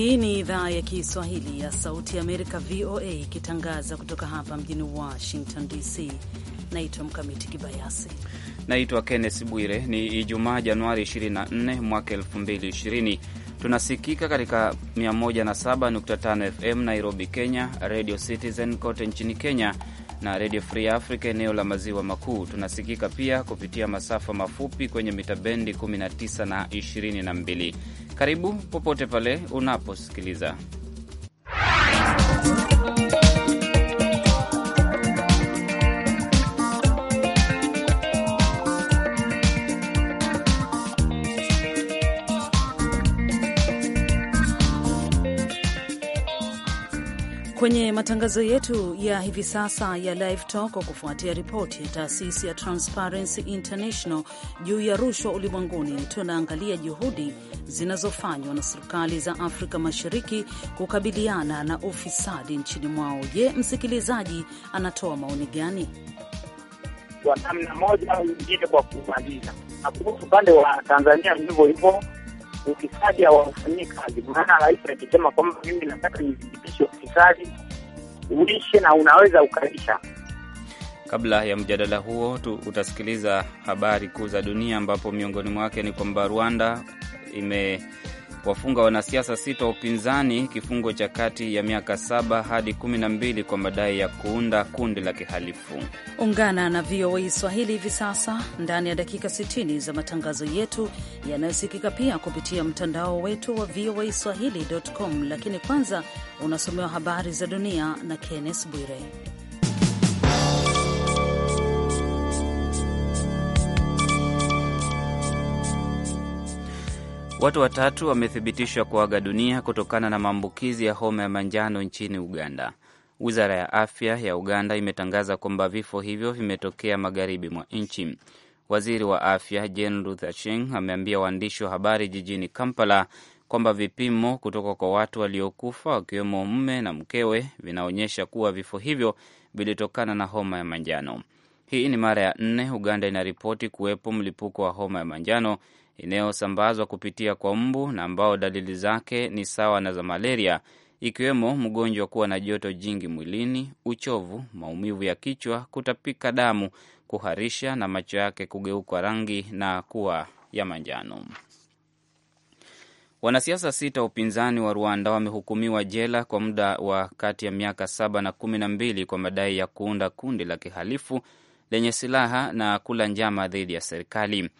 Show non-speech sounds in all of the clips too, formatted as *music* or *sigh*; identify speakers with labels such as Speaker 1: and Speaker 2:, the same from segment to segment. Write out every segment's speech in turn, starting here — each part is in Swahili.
Speaker 1: Hii ni idhaa ya Kiswahili ya Sauti ya Amerika, VOA, ikitangaza kutoka hapa mjini Washington DC. Naitwa Mkamiti Kibayasi.
Speaker 2: Naitwa Kenneth Bwire. Ni Ijumaa, Januari 24 mwaka 2020. Tunasikika katika 107.5 FM Nairobi, Kenya, Radio Citizen kote nchini Kenya na Redio Free Africa eneo la maziwa makuu. Tunasikika pia kupitia masafa mafupi kwenye mita bendi 19 na 22. Karibu popote pale unaposikiliza
Speaker 1: kwenye matangazo yetu ya hivi sasa ya Live Talk kwa kufuatia ripoti ya taasisi ya Transparency International juu ya rushwa ulimwenguni, tunaangalia juhudi zinazofanywa na serikali za Afrika Mashariki kukabiliana na ufisadi nchini mwao. Je, msikilizaji anatoa maoni gani?
Speaker 3: Kwa namna moja au nyingine, kwa kumaliza na kuhusu upande wa Tanzania ndivyo hivyo ufisadi hawafanyii kazi, maana rais akisema kwamba mimi nataka nidhibitishe ufisadi uishe na unaweza ukaisha.
Speaker 2: Kabla ya mjadala huo tu, utasikiliza habari kuu za dunia ambapo miongoni mwake ni kwamba Rwanda ime wafunga wanasiasa sita wa upinzani kifungo cha kati ya miaka saba hadi kumi na mbili kwa madai ya kuunda kundi la kihalifu.
Speaker 1: Ungana na VOA Swahili hivi sasa ndani ya dakika 60 za matangazo yetu yanayosikika pia kupitia mtandao wetu wa VOA Swahili.com, lakini kwanza unasomewa habari za dunia na Kenneth Bwire.
Speaker 2: Watu watatu wamethibitishwa kuaga dunia kutokana na maambukizi ya homa ya manjano nchini Uganda. Wizara ya afya ya Uganda imetangaza kwamba vifo hivyo vimetokea magharibi mwa nchi. Waziri wa afya Jane Ruth Aceng ameambia waandishi wa habari jijini Kampala kwamba vipimo kutoka kwa watu waliokufa wakiwemo mme na mkewe vinaonyesha kuwa vifo hivyo vilitokana na homa ya manjano. Hii ni mara ya nne Uganda inaripoti kuwepo mlipuko wa homa ya manjano inayosambazwa kupitia kwa mbu na ambao dalili zake ni sawa na za malaria, ikiwemo mgonjwa kuwa na joto jingi mwilini, uchovu, maumivu ya kichwa, kutapika damu, kuharisha na macho yake kugeuka rangi na kuwa ya manjano. Wanasiasa sita wa upinzani wa Rwanda wamehukumiwa jela kwa muda wa kati ya miaka saba na kumi na mbili kwa madai ya kuunda kundi la kihalifu lenye silaha na kula njama dhidi ya serikali.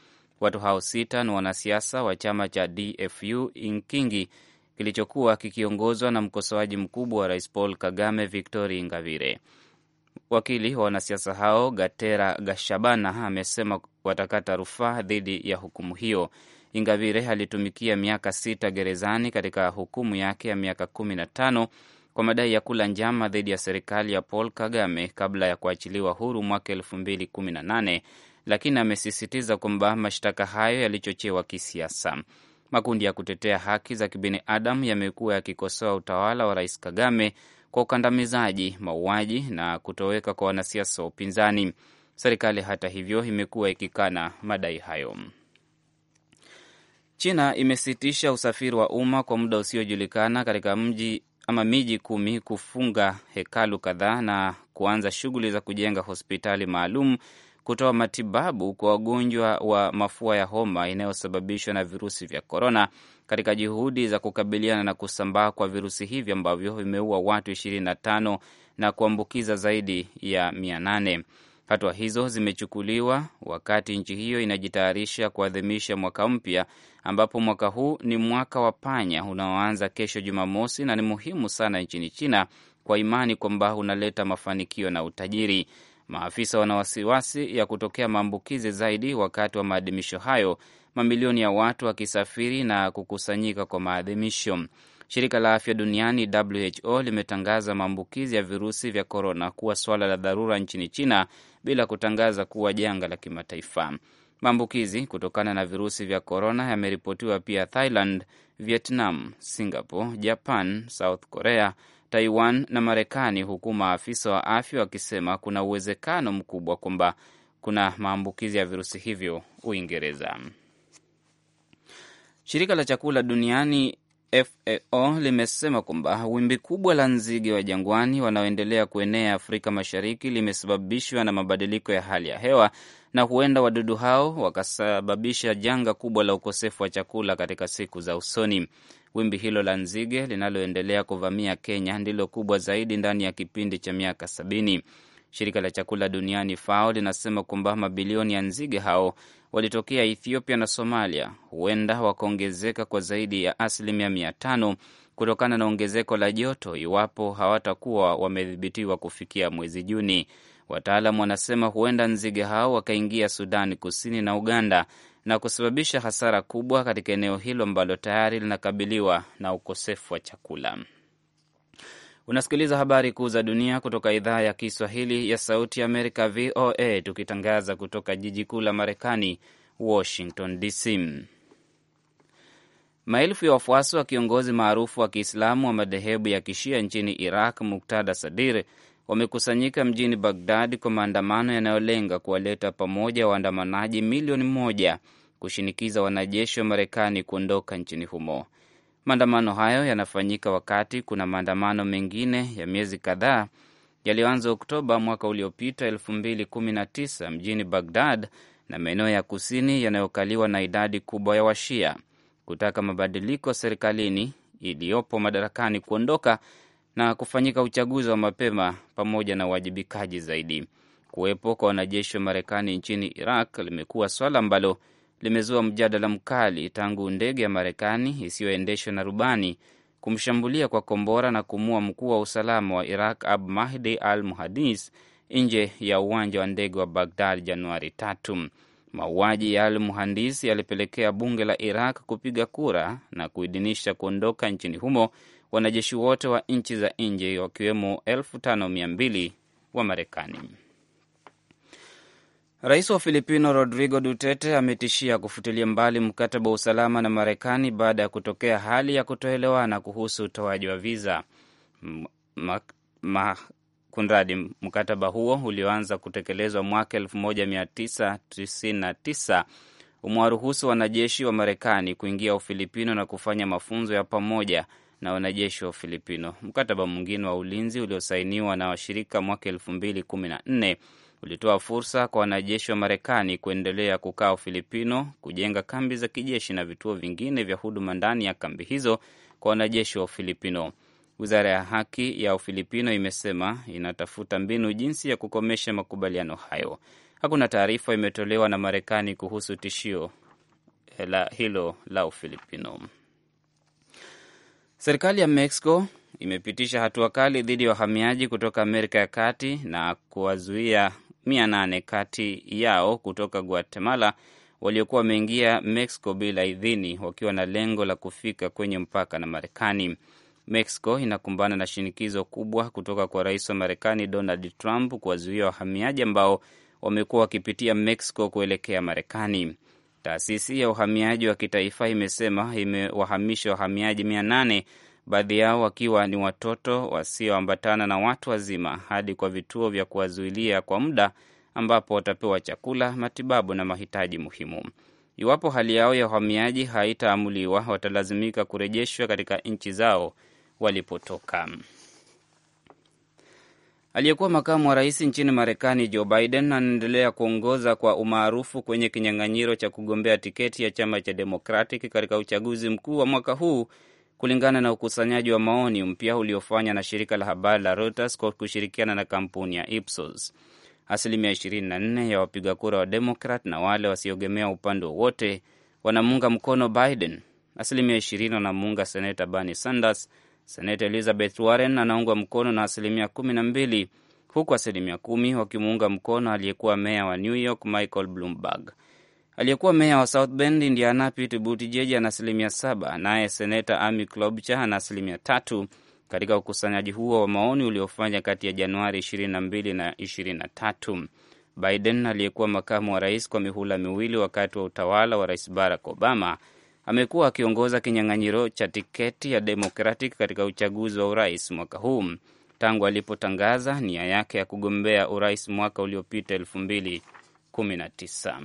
Speaker 2: Watu hao sita ni wanasiasa wa chama cha DFU Inkingi kilichokuwa kikiongozwa na mkosoaji mkubwa wa rais Paul Kagame, Victori Ingavire. Wakili wa wanasiasa hao Gatera Gashabana amesema watakata rufaa dhidi ya hukumu hiyo. Ingavire alitumikia miaka sita gerezani katika hukumu yake ya miaka kumi na tano kwa madai ya kula njama dhidi ya serikali ya Paul Kagame kabla ya kuachiliwa huru mwaka elfu mbili kumi na nane lakini amesisitiza kwamba mashtaka hayo yalichochewa kisiasa. Makundi ya kutetea haki za kibinadamu yamekuwa yakikosoa utawala wa Rais Kagame kwa ukandamizaji, mauaji na kutoweka kwa wanasiasa wa upinzani. Serikali hata hivyo imekuwa ikikana madai hayo. China imesitisha usafiri wa umma kwa muda usiojulikana katika mji ama miji kumi, kufunga hekalu kadhaa na kuanza shughuli za kujenga hospitali maalum kutoa matibabu kwa wagonjwa wa mafua ya homa inayosababishwa na virusi vya korona katika juhudi za kukabiliana na kusambaa kwa virusi hivyo ambavyo vimeua watu 25 na kuambukiza zaidi ya 800. Hatua hizo zimechukuliwa wakati nchi hiyo inajitayarisha kuadhimisha mwaka mpya, ambapo mwaka huu ni mwaka wa panya unaoanza kesho Jumamosi na ni muhimu sana nchini China kwa imani kwamba unaleta mafanikio na utajiri. Maafisa wana wasiwasi ya kutokea maambukizi zaidi wakati wa maadhimisho hayo, mamilioni ya watu wakisafiri na kukusanyika kwa maadhimisho. Shirika la afya duniani WHO limetangaza maambukizi ya virusi vya korona kuwa swala la dharura nchini China bila kutangaza kuwa janga la kimataifa. Maambukizi kutokana na virusi vya korona yameripotiwa pia Thailand, Vietnam, Singapore, Japan, South Korea, Taiwan na Marekani, huku maafisa wa afya wakisema kuna uwezekano mkubwa kwamba kuna maambukizi ya virusi hivyo Uingereza. Shirika la chakula duniani FAO limesema kwamba wimbi kubwa la nzige wa jangwani wanaoendelea kuenea Afrika Mashariki limesababishwa na mabadiliko ya hali ya hewa na huenda wadudu hao wakasababisha janga kubwa la ukosefu wa chakula katika siku za usoni. Wimbi hilo la nzige linaloendelea kuvamia Kenya ndilo kubwa zaidi ndani ya kipindi cha miaka sabini. Shirika la chakula duniani FAO linasema kwamba mabilioni ya nzige hao walitokea Ethiopia na Somalia, huenda wakaongezeka kwa zaidi ya asilimia mia tano kutokana na ongezeko la joto iwapo hawatakuwa wamedhibitiwa kufikia mwezi Juni. Wataalam wanasema huenda nzige hao wakaingia Sudani Kusini na Uganda na kusababisha hasara kubwa katika eneo hilo ambalo tayari linakabiliwa na ukosefu wa chakula. Unasikiliza habari kuu za dunia kutoka idhaa ya Kiswahili ya Sauti ya Amerika, VOA, tukitangaza kutoka jiji kuu la Marekani, Washington DC. Maelfu ya wafuasi wa kiongozi maarufu wa Kiislamu wa madhehebu ya Kishia nchini Iraq, Muktada Sadir, wamekusanyika mjini Bagdad kwa maandamano yanayolenga kuwaleta pamoja waandamanaji milioni moja kushinikiza wanajeshi wa Marekani kuondoka nchini humo. Maandamano hayo yanafanyika wakati kuna maandamano mengine ya miezi kadhaa yaliyoanza Oktoba mwaka uliopita 2019 mjini Bagdad na maeneo ya kusini yanayokaliwa na idadi kubwa ya Washia kutaka mabadiliko serikalini iliyopo madarakani kuondoka na kufanyika uchaguzi wa mapema pamoja na uwajibikaji zaidi. Kuwepo kwa wanajeshi wa Marekani nchini Iraq limekuwa swala ambalo limezua mjadala mkali tangu ndege ya Marekani isiyoendeshwa na rubani kumshambulia kwa kombora na kumua mkuu wa usalama wa Iraq Abu Mahdi al muhadis nje ya uwanja wa ndege wa bagdad Januari tatu. Mauaji ya al Muhandis yalipelekea bunge la Iraq kupiga kura na kuidhinisha kuondoka nchini humo wanajeshi wote wa nchi za nje wakiwemo elfu tano mia mbili wa Marekani. Rais wa Filipino Rodrigo Duterte ametishia kufutilia mbali mkataba wa usalama na Marekani baada ya kutokea hali ya kutoelewana kuhusu utoaji wa viza kunradi. Mkataba huo ulioanza kutekelezwa mwaka 1999 umewaruhusu wanajeshi wa Marekani kuingia Ufilipino na kufanya mafunzo ya pamoja na wanajeshi wa ufilipino Mkataba mwingine wa ulinzi uliosainiwa na washirika mwaka elfu mbili kumi na nne ulitoa fursa kwa wanajeshi wa Marekani kuendelea kukaa Ufilipino, kujenga kambi za kijeshi na vituo vingine vya huduma ndani ya kambi hizo kwa wanajeshi wa Ufilipino. Wizara ya haki ya Ufilipino imesema inatafuta mbinu jinsi ya kukomesha makubaliano hayo. Hakuna taarifa imetolewa na Marekani kuhusu tishio la hilo la Ufilipino. Serikali ya Mexico imepitisha hatua kali dhidi ya wahamiaji kutoka Amerika ya Kati na kuwazuia mia nane kati yao kutoka Guatemala waliokuwa wameingia Mexico bila idhini wakiwa na lengo la kufika kwenye mpaka na Marekani. Mexico inakumbana na shinikizo kubwa kutoka kwa rais wa Marekani Donald Trump kuwazuia wahamiaji ambao wamekuwa wakipitia Mexico kuelekea Marekani. Taasisi ya uhamiaji wa kitaifa imesema imewahamisha wahamiaji mia nane, baadhi yao wakiwa ni watoto wasioambatana na watu wazima, hadi kwa vituo vya kuwazuilia kwa muda ambapo watapewa chakula, matibabu na mahitaji muhimu. Iwapo hali yao ya uhamiaji haitaamuliwa, watalazimika kurejeshwa katika nchi zao walipotoka. Aliyekuwa makamu wa rais nchini Marekani Joe Biden anaendelea kuongoza kwa umaarufu kwenye kinyang'anyiro cha kugombea tiketi ya chama cha Democratic katika uchaguzi mkuu wa mwaka huu kulingana na ukusanyaji wa maoni mpya uliofanywa na shirika la habari la Reuters kwa kushirikiana na kampuni ya Ipsos. Asilimia 24 ya wapiga kura wa Demokrat na wale wasioegemea upande wowote wanamuunga mkono Biden. Asilimia 20 wanamuunga seneta Bernie Sanders Seneta Elizabeth Warren anaungwa mkono na asilimia kumi na mbili huku asilimia kumi wakimuunga mkono aliyekuwa meya wa New York Michael Bloomberg. Aliyekuwa meya wa South Bend, Indiana, Pete Buttigieg ana asilimia saba, naye seneta Amy Klobuchar ana asilimia tatu katika ukusanyaji huo wa maoni uliofanya kati ya Januari 22 na 23. Biden aliyekuwa makamu wa rais kwa mihula miwili wakati wa utawala wa rais Barack Obama amekuwa akiongoza kinyang'anyiro cha tiketi ya Democratic katika uchaguzi wa urais mwaka huu tangu alipotangaza nia yake ya kugombea urais mwaka uliopita 2019.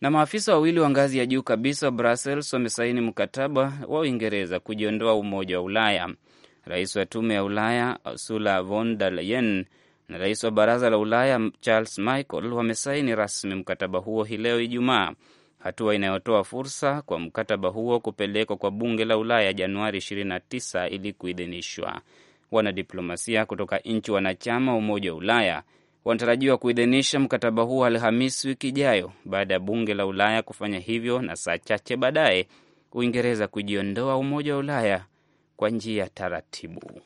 Speaker 2: Na maafisa wawili wa ngazi ya juu kabisa wa Brussels wamesaini mkataba wa Uingereza kujiondoa Umoja wa Ulaya. Rais wa Tume ya Ulaya Ursula von der Leyen na rais wa Baraza la Ulaya Charles Michel wamesaini rasmi mkataba huo hii leo Ijumaa hatua inayotoa fursa kwa mkataba huo kupelekwa kwa bunge la Ulaya Januari 29 ili kuidhinishwa. Wanadiplomasia kutoka nchi wanachama wa Umoja wa Ulaya wanatarajiwa kuidhinisha mkataba huo Alhamisi wiki ijayo, baada ya bunge la Ulaya kufanya hivyo na saa chache baadaye Uingereza kujiondoa Umoja wa Ulaya kwa njia ya taratibu.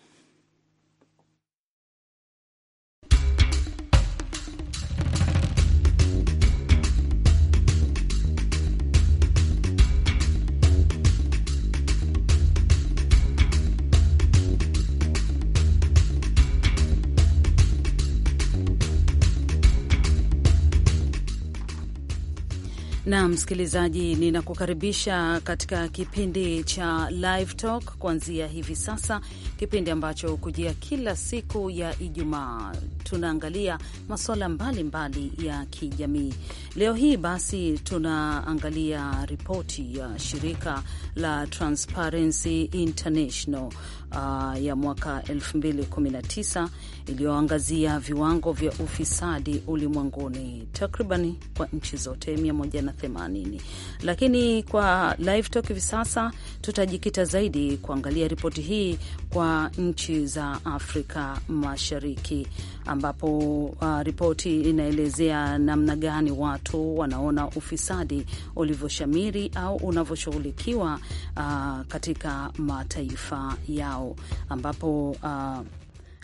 Speaker 1: Na msikilizaji, ninakukaribisha katika kipindi cha Live Talk kuanzia hivi sasa, kipindi ambacho hukujia kila siku ya Ijumaa tunaangalia masuala mbalimbali ya kijamii. Leo hii basi tunaangalia ripoti ya shirika la Transparency International uh, ya mwaka 2019 iliyoangazia viwango vya ufisadi ulimwenguni takriban kwa nchi zote 180. Lakini kwa live talk hivi sasa tutajikita zaidi kuangalia ripoti hii kwa nchi za Afrika Mashariki, ambapo uh, ripoti inaelezea namna gani watu wanaona ufisadi ulivyoshamiri au unavyoshughulikiwa uh, katika mataifa yao ambapo uh,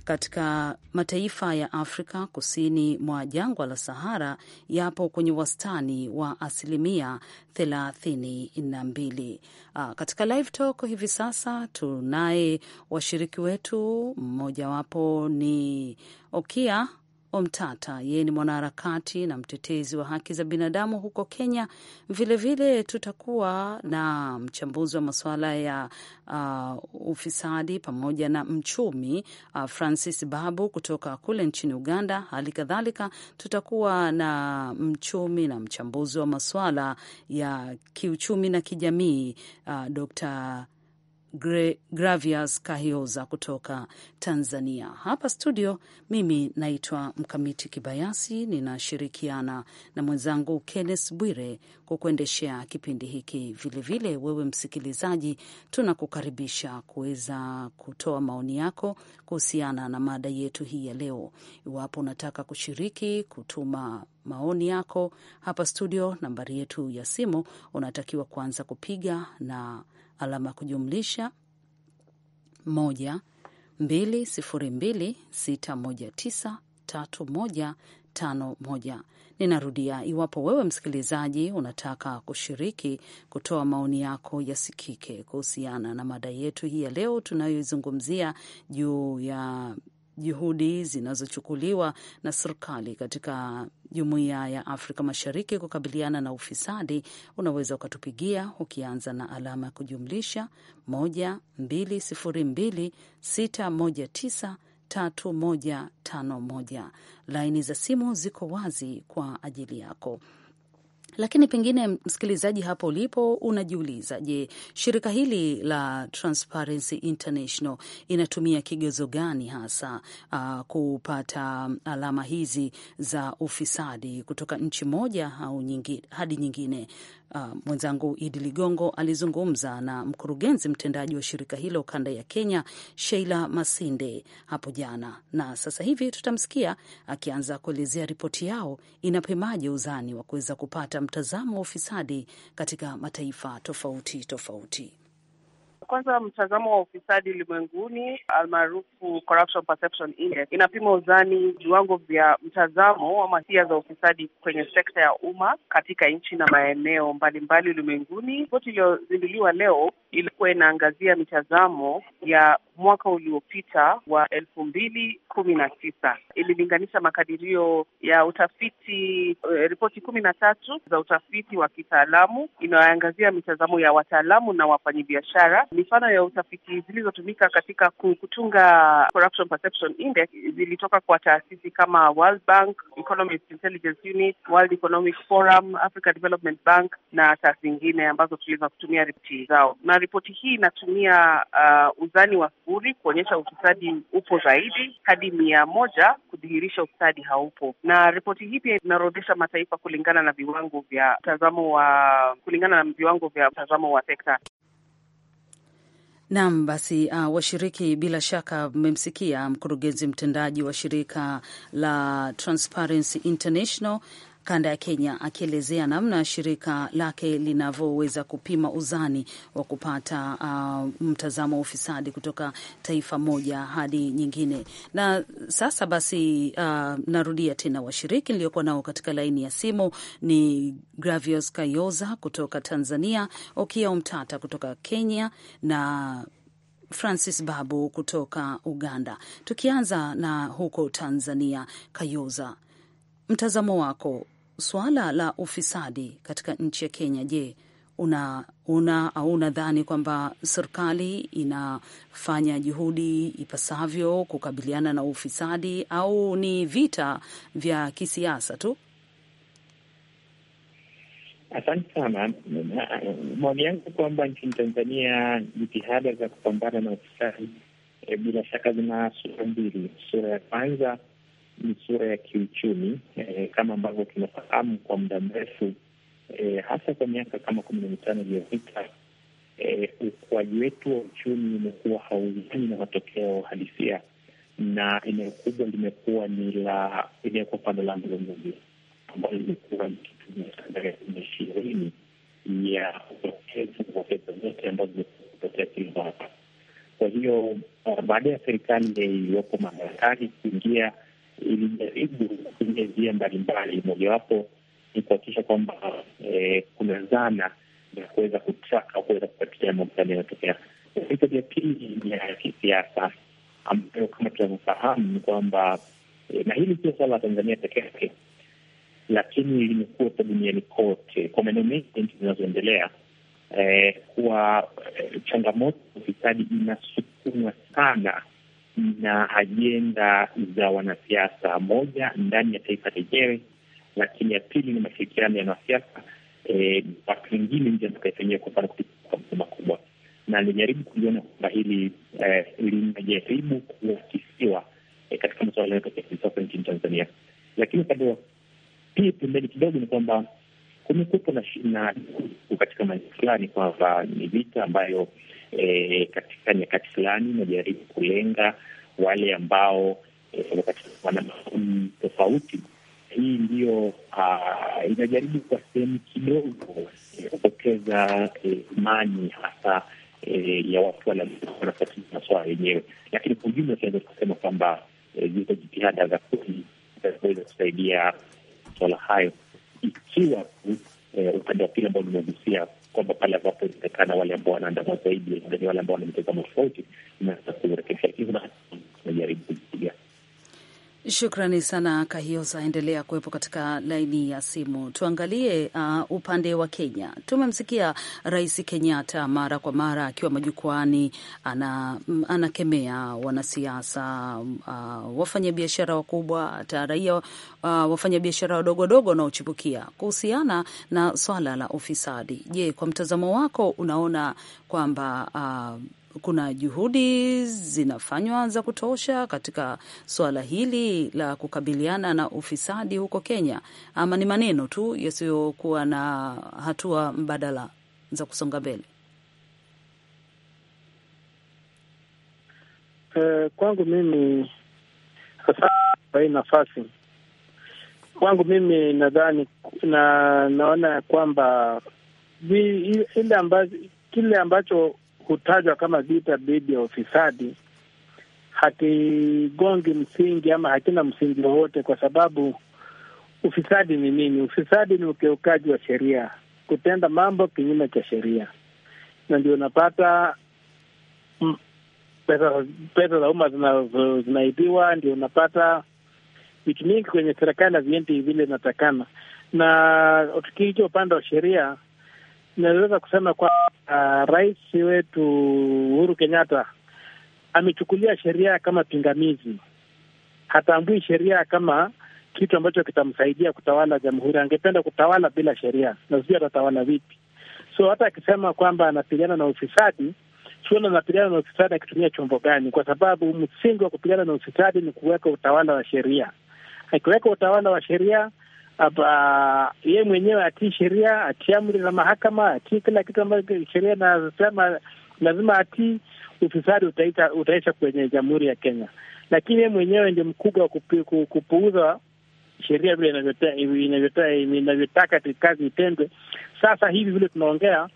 Speaker 1: katika mataifa ya Afrika kusini mwa jangwa la Sahara yapo kwenye wastani wa asilimia thelathini na mbili. Ah, katika live talk hivi sasa tunaye washiriki wetu, mmojawapo ni Okia Omtata. Yeye ni mwanaharakati na mtetezi wa haki za binadamu huko Kenya. Vilevile vile tutakuwa na mchambuzi wa masuala ya uh, ufisadi pamoja na mchumi uh, Francis Babu kutoka kule nchini Uganda. Hali kadhalika tutakuwa na mchumi na mchambuzi wa masuala ya kiuchumi na kijamii uh, Dr Gravias Kahioza kutoka Tanzania. Hapa studio, mimi naitwa Mkamiti Kibayasi, ninashirikiana na mwenzangu Kennes Bwire kwa kuendeshea kipindi hiki. Vilevile vile, wewe msikilizaji, tunakukaribisha kuweza kutoa maoni yako kuhusiana na mada yetu hii ya leo. Iwapo unataka kushiriki, kutuma maoni yako hapa studio. Nambari yetu ya simu unatakiwa kuanza kupiga na alama kujumlisha moja mbili sifuri mbili sita moja tisa tatu moja tano moja. Ninarudia, iwapo wewe msikilizaji unataka kushiriki kutoa maoni yako yasikike kuhusiana na mada yetu hii ya leo tunayoizungumzia juu ya juhudi zinazochukuliwa na serikali katika jumuiya ya Afrika Mashariki kukabiliana na ufisadi. Unaweza ukatupigia ukianza na alama ya kujumlisha 1202619 Laini za simu ziko wazi kwa ajili yako. Lakini pengine msikilizaji, hapo ulipo unajiuliza, je, shirika hili la Transparency International inatumia kigezo gani hasa uh, kupata alama hizi za ufisadi kutoka nchi moja au hadi nyingine? Uh, mwenzangu Idi Ligongo alizungumza na mkurugenzi mtendaji wa shirika hilo kanda ya Kenya, Sheila Masinde hapo jana, na sasa hivi tutamsikia akianza kuelezea ripoti yao inapemaje uzani wa kuweza kupata mtazamo wa ufisadi katika mataifa tofauti tofauti
Speaker 4: kwanza, mtazamo wa ufisadi ulimwenguni almaarufu Corruption Perception Index inapima uzani viwango vya mtazamo ama hisia za ufisadi kwenye sekta ya umma katika nchi na maeneo mbalimbali ulimwenguni. Ripoti iliyozinduliwa leo ilikuwa inaangazia mitazamo ya mwaka uliopita wa elfu mbili kumi na tisa. Ililinganisha makadirio ya utafiti e, ripoti kumi na tatu za utafiti wa kitaalamu inayoangazia mitazamo ya wataalamu na wafanyabiashara. Mifano ya utafiti zilizotumika katika kutunga Corruption Perception Index zilitoka kwa taasisi kama World Bank, Intelligence Unit, World Economic Forum, Africa Development Bank na taasisi nyingine ambazo tuliweza kutumia ripoti zao na ripoti hii inatumia uh, uzani wa sufuri kuonyesha ufisadi upo zaidi hadi mia moja kudhihirisha ufisadi haupo, na ripoti hii pia inaorodhesha mataifa kulingana na viwango vya mtazamo wa kulingana na viwango vya mtazamo wa sekta.
Speaker 1: Naam, basi uh, washiriki, bila shaka mmemsikia mkurugenzi mtendaji wa shirika la Transparency International kanda ya Kenya akielezea namna shirika lake linavyoweza kupima uzani wa kupata uh, mtazamo wa ufisadi kutoka taifa moja hadi nyingine. Na sasa basi, uh, narudia tena washiriki niliyokuwa nao katika laini ya simu ni Gravios Kayoza kutoka Tanzania, Okia Umtata kutoka Kenya na Francis Babu kutoka Uganda. Tukianza na huko Tanzania, Kayoza, mtazamo wako suala la ufisadi katika nchi ya Kenya, je, una una au unadhani kwamba serikali inafanya juhudi ipasavyo kukabiliana na ufisadi au ni vita vya kisiasa tu?
Speaker 5: Asante sana. Maoni yangu kwamba nchini Tanzania jitihada za kupambana na ufisadi e, bila shaka zina sura mbili. Sura ya kwanza ni sura ya kiuchumi eh, kama ambavyo tunafahamu kwa muda mrefu eh, hasa kwa miaka kama kumi na mitano iliyopita eh, ukuaji wetu wa uchumi umekuwa hauzani na matokeo halisia, na eneo kubwa limekuwa ni la eneo kwa upande la mzunguzi ambayo limekuwa likitumia na ishirini ya upotevu wa fedha zote ambazo zimekuwa kupotea kila mwaka. Kwa hiyo eh, baada ya serikali iliyopo madarakani kuingia ilijaribu kutumia njia mbalimbali, mojawapo ni kuhakikisha kwamba eh, kuna zana ya kuweza kutraka au kuweza kupatia maandamano yanayotokea. Ripoti ya pili ni ya kisiasa ambayo kama tunavyofahamu ni kwamba eh, na hili sio sala la Tanzania peke yake, lakini limekuwepo duniani kote kwa maeneo mengi nchi zinazoendelea eh, kuwa eh, changamoto ya ufisadi inasukumwa sana na ajenda za wanasiasa, moja ndani ya taifa lenyewe, lakini ya pili ni mashirikiano ya wanasiasa e, watu e, wengine nje ya mataifa yenyewe, kwa mfano kwa msema na nilijaribu kuliona kwamba hili eh, linajaribu kuakisiwa eh, katika masuala yote ya kisiasa nchini Tanzania. Lakini upande wa pili pembeni kidogo ni kwamba kumekuwepo na katika maeneo fulani kwamba ni vita ambayo e, katika nyakati fulani inajaribu kulenga wale ambao e, wana maoni tofauti. Hii ndiyo uh, inajaribu kwa sehemu kidogo kupoteza e, imani hasa e, ya watu wala wanafuatilia maswala yenyewe, lakini kwa ujumla tunaweza kusema kwamba e, zizo jitihada za kweli zinaweza kusaidia maswala hayo, ikiwa tu e, upande wa pili ambao limegusia kwamba pale ambapo inaonekana wale ambao wanaandama zaidi wale ambao wana mitazamo tofauti, inaweza kurekebisha hivyo, na najaribu
Speaker 1: kuipiga Shukrani sana Kahiosa, endelea kuwepo katika laini ya simu. Tuangalie uh, upande wa Kenya. Tumemsikia Rais Kenyatta mara kwa mara akiwa majukwani anakemea ana wanasiasa, uh, wafanyabiashara wakubwa, hata raia, uh, wafanyabiashara wadogo wadogo wanaochipukia kuhusiana na swala la ufisadi. Je, kwa mtazamo wako unaona kwamba uh, kuna juhudi zinafanywa za kutosha katika suala hili la kukabiliana na ufisadi huko Kenya, ama ni maneno tu yasiyokuwa na hatua mbadala za kusonga mbele?
Speaker 6: Eh, kwangu mimi sasa kwa hii nafasi, kwangu mimi nadhani na naona ya kwamba ile ambazo kile ambacho kutajwa kama vita dhidi ya ufisadi hakigongi msingi ama hakina msingi wowote, kwa sababu ufisadi ni nini? Ufisadi ni ukiukaji wa sheria, kutenda mambo kinyume cha sheria, na ndio unapata pesa, pesa za umma zinaibiwa, ndio unapata vitu mingi kwenye serikali haviendi vile inatakana. Na tukiicha upande wa sheria tunaweza kusema kwa uh, rais wetu Uhuru Kenyatta amechukulia sheria kama pingamizi, hatambui sheria kama kitu ambacho kitamsaidia kutawala jamhuri. Angependa kutawala bila sheria na sijui atatawala vipi. So hata akisema kwamba anapigana na ufisadi, suala anapigana na ufisadi akitumia chombo gani? Kwa sababu msingi wa kupigana na ufisadi ni kuweka utawala wa sheria. Akiweka utawala wa sheria, hapa, yeye mwenyewe atii sheria, atii amri za mahakama, atii kila kitu ambacho sheria nasema lazima atii. Ufisadi utaita utaisha kwenye jamhuri ya Kenya, lakini yeye mwenyewe ndio mkubwa wa kupu, kupuuza sheria vile inavyotaka kazi itendwe. Sasa hivi vile tunaongea,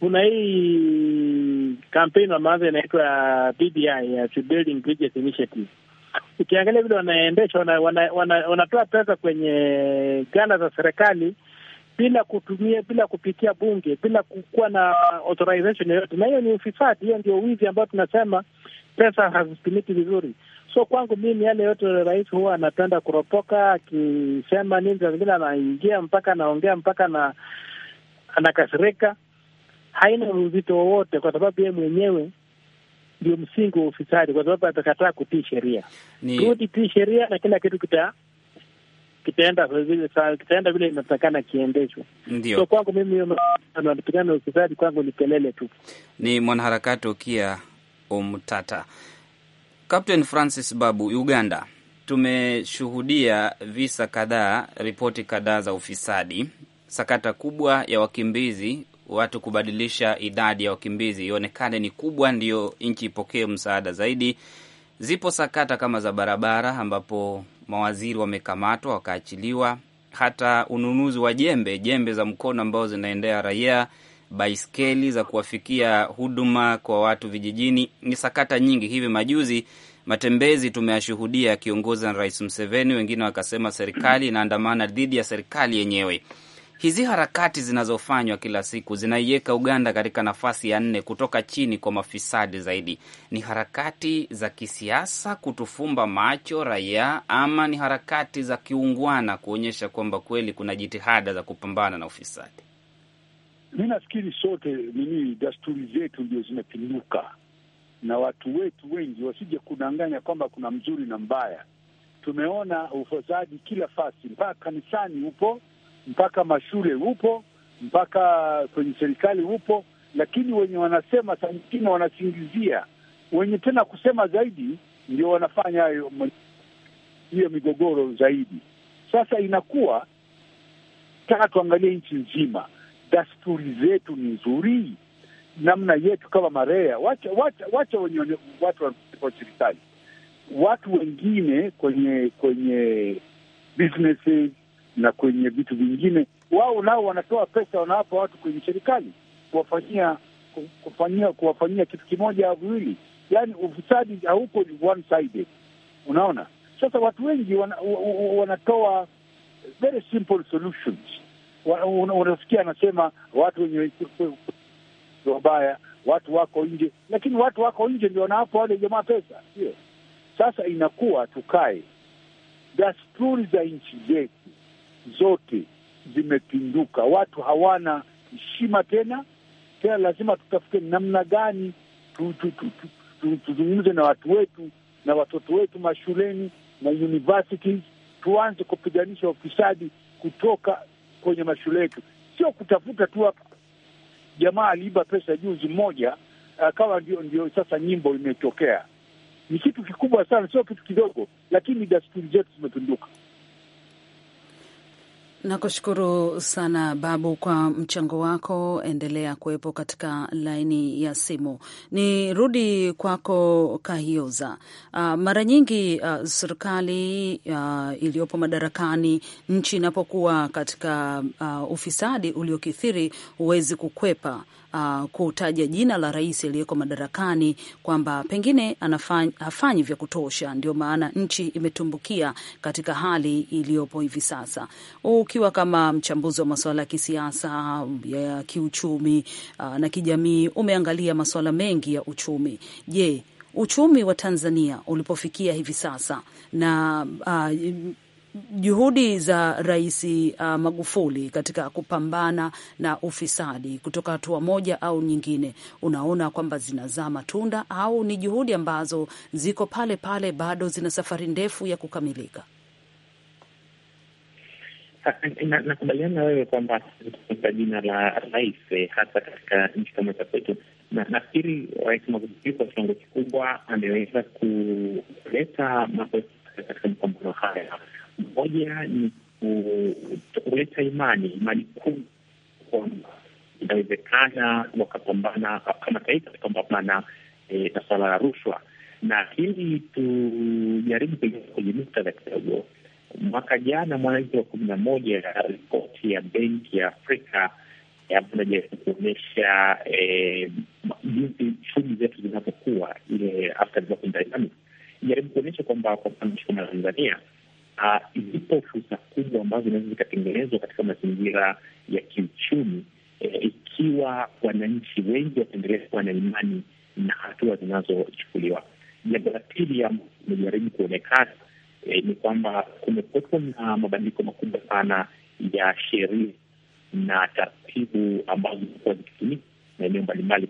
Speaker 6: kuna hii kampeni ambazo inaitwa BBI ya Building Bridges Initiative ukiangalia vile wanaendesha wanatoa wana, wana, wana pesa kwenye gana za serikali bila kutumia bila kupitia bunge bila kuwa na authorization yoyote, na hiyo ni ufisadi, hiyo ndio wizi ambao tunasema pesa hazitumiki vizuri. So kwangu mimi, yale yote rais huwa anapenda kuropoka, akisema nini, saa zingine anaingia mpaka anaongea mpaka na anakasirika, haina uzito wowote, kwa sababu yeye mwenyewe ndio msingi wa ufisadi, kwa sababu atakataa kutii sheria. tii sheria na kila kitu kita kitaenda kitaenda vile inatakana
Speaker 2: kiendeshwa. Ndio so
Speaker 6: kwangu mimi anapigana ufisadi kwangu ni kelele tu.
Speaker 2: Ni mwanaharakati Okia Omtata. Captain Francis Babu, Uganda tumeshuhudia visa kadhaa, ripoti kadhaa za ufisadi, sakata kubwa ya wakimbizi watu kubadilisha idadi ya wakimbizi ionekane ni kubwa, ndiyo nchi ipokee msaada zaidi. Zipo sakata kama za barabara ambapo mawaziri wamekamatwa wakaachiliwa, hata ununuzi wa jembe, jembe za mkono ambao zinaendea raia, baiskeli za kuwafikia huduma kwa watu vijijini, ni sakata nyingi. Hivi majuzi matembezi tumeyashuhudia yakiongoza na Rais Mseveni, wengine wakasema serikali inaandamana dhidi ya serikali yenyewe hizi harakati zinazofanywa kila siku zinaiweka Uganda katika nafasi ya nne kutoka chini kwa mafisadi zaidi. Ni harakati za kisiasa kutufumba macho raia, ama ni harakati za kiungwana kuonyesha kwamba kweli kuna jitihada za kupambana na ufisadi?
Speaker 7: Mi nafikiri sote nini, dasturi zetu ndio zimepinduka, na watu wetu wengi wasije kudanganya kwamba kuna mzuri na mbaya. Tumeona ufisadi kila fasi, mpaka kanisani upo mpaka mashule upo, mpaka kwenye serikali upo, lakini wenye wanasema saa nyingine wanasingizia, wenye tena kusema zaidi ndio wanafanya hiyo migogoro zaidi. Sasa inakuwa taka tuangalie nchi nzima, dasturi zetu ni nzuri, namna yetu kama marea. Wacha wacha wacha wenye watu wa serikali, watu wengine kwenye kwenye businesses na kwenye vitu vingine. Wao nao wanatoa pesa, wanawapa watu kwenye serikali kuwafanyia kufanyia kuwafanyia kitu kimoja au viwili. Yani ufisadi haupo one sided, unaona. Sasa watu wengi wana, wanatoa very simple solutions. Unasikia anasema watu wenye wabaya, watu wako nje, lakini watu wako nje ndio wanawapa wale jamaa pesa, sio? Sasa inakuwa tukae dasturi za nchi zetu zote zimepinduka. Watu hawana heshima tena tena. Lazima tutafute namna gani tuzungumze na watu wetu na watoto wetu mashuleni na universities, tuanze kupiganisha ufisadi kutoka kwenye mashule yetu, sio kutafuta tu hapa jamaa aliiba pesa juzi mmoja akawa ndio, ndio sasa nyimbo imetokea. Ni kitu kikubwa sana, sio kitu kidogo, lakini dasturi zetu zimepinduka.
Speaker 1: Nakushukuru sana Babu kwa mchango wako. Endelea kuwepo katika laini ya simu. Ni rudi kwako Kahioza. Uh, mara nyingi uh, serikali uh, iliyopo madarakani, nchi inapokuwa katika uh, ufisadi uliokithiri, huwezi kukwepa Uh, kutaja jina la rais aliyeko madarakani kwamba pengine hafanyi vya kutosha, ndio maana nchi imetumbukia katika hali iliyopo hivi sasa ukiwa kama mchambuzi wa masuala ya kisiasa, ya kiuchumi uh, na kijamii, umeangalia masuala mengi ya uchumi. Je, uchumi wa Tanzania ulipofikia hivi sasa na uh, juhudi za Rais uh, Magufuli katika kupambana na ufisadi kutoka hatua moja au nyingine, unaona kwamba zinazaa matunda au ni juhudi ambazo ziko pale pale, bado zina safari ndefu ya kukamilika?
Speaker 3: Nakubaliana na wewe
Speaker 5: kwamba a jina la rais eh, hasa katika nchi kama za kwetu, na nafikiri rais Magufuli kwa kiwango kikubwa ameweza kuleta mambo katika mapambano haya. Moja ni kuleta imani, imani kubwa kwamba inawezekana wakapambana kama taifa, tukapambana eh, na swala la rushwa, na hili tujaribu kuingia kwenye muktadha kidogo Mwaka jana mwezi wa kumi na moja, ripoti ya Benki ya Afrika najaribu kuonyesha eh, jinsi shughuli zetu zinazokuwa ile jaribu kuonyesha kwamba kwa mfano nchi kama Tanzania ah, zipo fursa kubwa ambazo zinaweza zikatengenezwa katika mazingira ya kiuchumi eh, ikiwa wananchi wengi wataendelea kuwa na imani na hatua zinazochukuliwa. Jambo la pili ambayo imejaribu kuonekana eh, ni kwamba kumekuwepo na mabadiliko makubwa sana ya sheria na taratibu ambazo zimekuwa zikitumika maeneo mbalimbali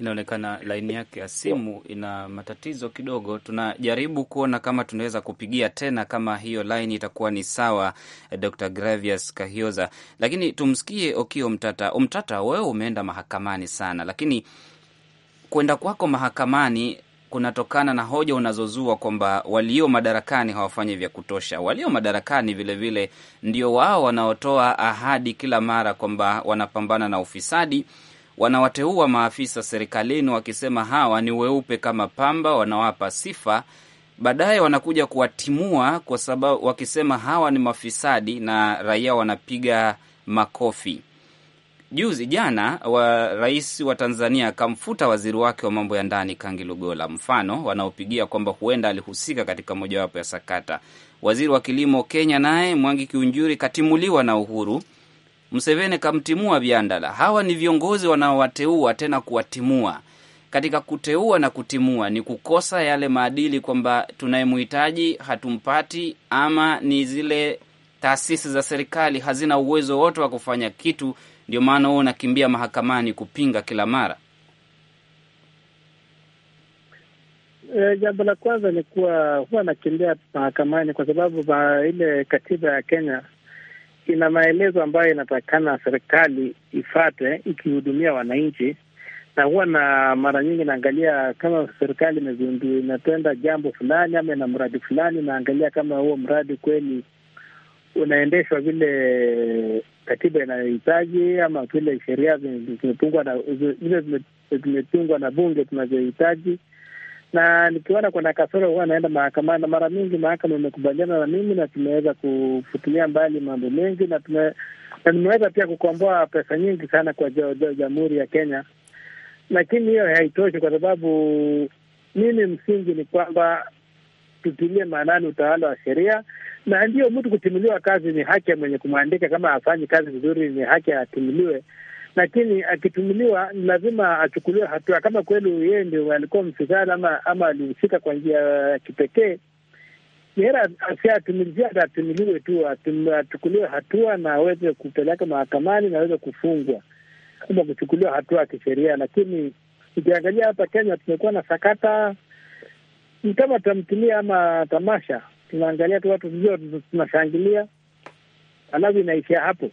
Speaker 2: Inaonekana laini yake ya simu ina matatizo kidogo. Tunajaribu kuona kama tunaweza kupigia tena, kama hiyo laini itakuwa ni sawa. Eh, Dr Gravius Kahioza, lakini tumsikie Okio Mtata. Mtata, wewe umeenda mahakamani sana, lakini kwenda kwako mahakamani kunatokana na hoja unazozua kwamba walio madarakani hawafanyi vya kutosha. Walio madarakani vilevile vile, ndio wao wanaotoa ahadi kila mara kwamba wanapambana na ufisadi wanawateua maafisa serikalini wakisema hawa ni weupe kama pamba, wanawapa sifa, baadaye wanakuja kuwatimua kwa sababu wakisema hawa ni mafisadi, na raia wanapiga makofi juzi jana wa rais wa Tanzania akamfuta waziri wake wa mambo ya ndani Kangi Lugola, mfano wanaopigia kwamba huenda alihusika katika mojawapo ya sakata. Waziri wa kilimo Kenya naye Mwangi Kiunjuri katimuliwa na Uhuru. Mseveni kamtimua Biandala. Hawa ni viongozi wanaowateua tena kuwatimua. Katika kuteua na kutimua ni kukosa yale maadili kwamba tunayemhitaji hatumpati, ama ni zile taasisi za serikali hazina uwezo wote wa kufanya kitu ndio maana huo unakimbia mahakamani kupinga kila mara.
Speaker 6: E, jambo la kwanza ni kuwa huwa nakimbia mahakamani kwa sababu ba, ile katiba ya Kenya ina maelezo ambayo inatakana serikali ifate ikihudumia wananchi, na huwa na mara nyingi naangalia kama serikali imezundu inatenda jambo fulani ama ina mradi fulani, naangalia kama huo mradi kweli unaendeshwa vile katiba inayohitaji ama kile sheria zile zimetungwa na bunge tunazohitaji. Na nikiona kuna kasoro, huwa naenda mahakamani, na mara mingi mahakama imekubaliana na mimi na tumeweza kufutilia mbali mambo mengi, na tume na nimeweza pia kukomboa pesa nyingi sana kwa Jamhuri ya Kenya. Lakini hiyo haitoshi, kwa sababu mimi msingi ni kwamba tutilie maanani utawala wa sheria, na ndiyo mtu kutimuliwa kazi ni haki ya mwenye kumwandika. Kama afanyi kazi vizuri, ni haki atimuliwe, lakini akitumuliwa ni lazima achukuliwe hatua. Kama kweli yeye ndio alikuwa mfisadi ama ama alihusika kwa njia ya kipekee, ni hera asiatumilizia, atatumiliwe tu, achukuliwe hatua na aweze kupeleka mahakamani na aweze kufungwa ama kuchukuliwa hatua ya kisheria. Lakini ukiangalia hapa Kenya tumekuwa na sakata ni kama tamthilia ama tamasha, tunaangalia tu watu vizuri, tunashangilia, alafu inaishia hapo.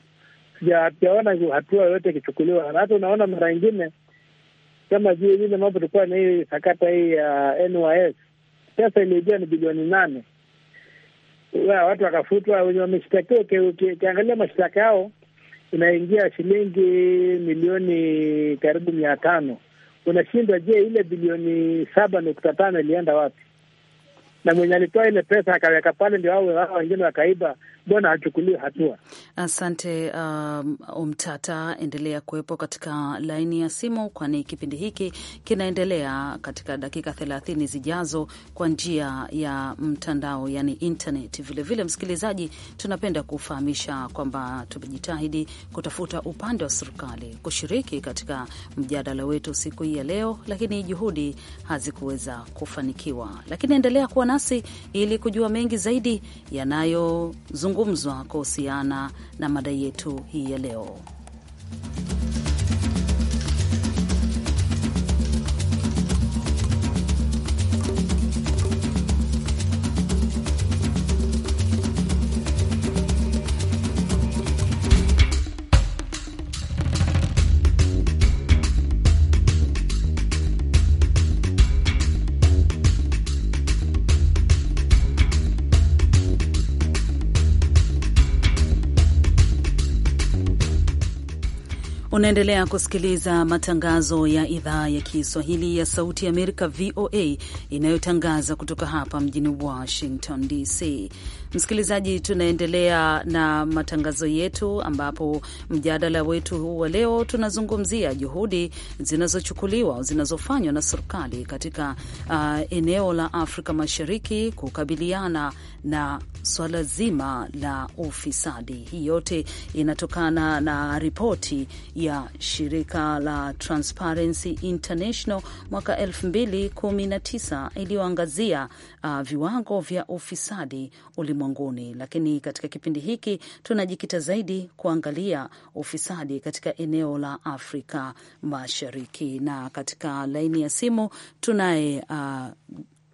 Speaker 6: Hatujaona hatua yoyote ikichukuliwa, na hata unaona mara ingine kama vile vile mambo tulikuwa na hii sakata hii ya uh, NYS pesa iliyojia ni bilioni nane wa watu wakafutwa wenye wameshtakiwa. Ukiangalia mashtaka yao inaingia shilingi milioni karibu mia tano unashindwa, je, ile bilioni saba nukta tano ilienda wapi? Na mwenye alitoa ile pesa akaweka pale, ndio hao wengine wakaiba mbona hachukuliwi hatua?
Speaker 1: Asante Umtata, um, endelea kuwepo katika laini ya simu, kwani kipindi hiki kinaendelea katika dakika thelathini zijazo kwa njia ya mtandao, yani internet. Vilevile msikilizaji, tunapenda kufahamisha kwamba tumejitahidi kutafuta upande wa serikali kushiriki katika mjadala wetu siku hii ya leo, lakini juhudi hazikuweza kufanikiwa. Lakini endelea kuwa nasi ili kujua mengi zaidi yanayozungumzwa kuzungumzwa kuhusiana na mada yetu hii ya leo. Unaendelea kusikiliza matangazo ya idhaa ya Kiswahili ya Sauti ya Amerika, VOA, inayotangaza kutoka hapa mjini Washington DC. Msikilizaji, tunaendelea na matangazo yetu, ambapo mjadala wetu huu wa leo tunazungumzia juhudi zinazochukuliwa zinazofanywa na serikali katika uh, eneo la Afrika Mashariki kukabiliana na swala zima la ufisadi. Hii yote inatokana na ripoti ya shirika la Transparency International mwaka 2019 iliyoangazia uh, viwango vya ufisadi ulimwenguni. Lakini katika kipindi hiki tunajikita zaidi kuangalia ufisadi katika eneo la Afrika Mashariki, na katika laini ya simu tunaye uh,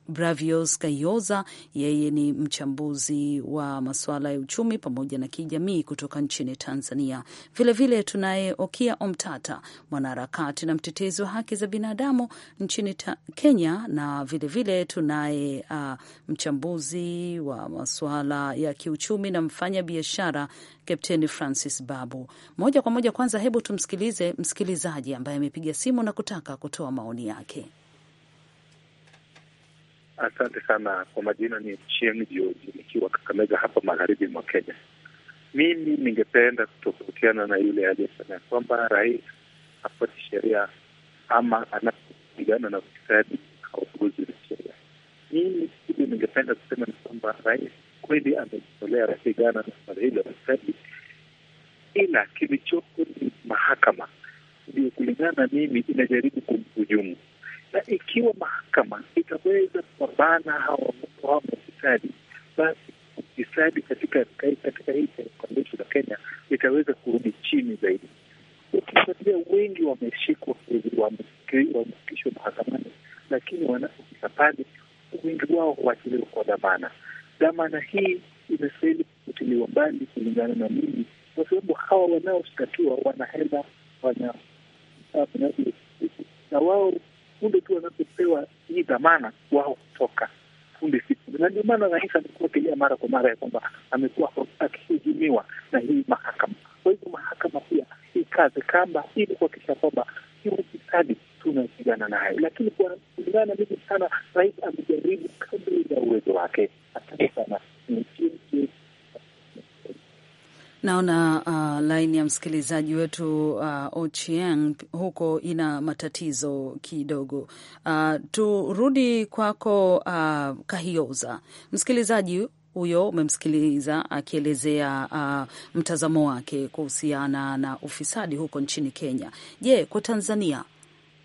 Speaker 1: Bravios Kayoza, yeye ni mchambuzi wa masuala ya uchumi pamoja na kijamii kutoka nchini Tanzania. Vilevile tunaye Okia Omtata, mwanaharakati na mtetezi wa haki za binadamu nchini Kenya, na vilevile tunaye uh, mchambuzi wa masuala ya kiuchumi na mfanya biashara Kapteni Francis Babu. Moja kwa moja, kwanza hebu tumsikilize msikilizaji ambaye amepiga simu na kutaka kutoa maoni yake.
Speaker 5: Asante sana kwa majina, ni Chieng nikiwa Kakamega hapa magharibi mwa Kenya. Mimi ningependa kutofautiana na yule aliyesema ya kwamba rais hafuati sheria ama anapigana na ufisadi hauguzi na sheria. Mimi hili ningependa kusema ni kwamba rais kweli amejitolea kupigana na swala hili la ufisadi,
Speaker 7: ila kilichoko ni mahakama ndio, kulingana mimi, inajaribu kumhujumu na ikiwa mahakama itaweza kupambana hawa hawa mafisadi, basi ufisadi katika katika hii taifa letu la Kenya itaweza kurudi chini zaidi. Ukifuatilia wengi wameshikwa, wamefikishwa mahakamani, lakini wanapofika pale wengi wao huachiliwa
Speaker 5: kwa dhamana. Dhamana hii imestahili kufutiliwa mbali, kulingana na mimi, kwa sababu hawa wanaoshtakiwa wana hela, wana na wao punde tu wanapopewa hii dhamana, wao kutoka punde siku. Na ndio maana rais amekuwa akilea mara kwa mara ya kwamba amekuwa akihujumiwa na hii mahakama. Kwa hivyo mahakama pia ikaze kamba ili kuhakikisha kwamba si ufisadi tunapigana nayo, lakini kulingana mimi sana, rais amejaribu kadri ya
Speaker 3: uwezo wake. Asante sana.
Speaker 1: Naona uh, laini ya msikilizaji wetu uh, Ochieng huko ina matatizo kidogo. Uh, turudi kwako uh, Kahioza. Msikilizaji huyo umemsikiliza akielezea uh, mtazamo wake kuhusiana na ufisadi huko nchini Kenya. Je, kwa Tanzania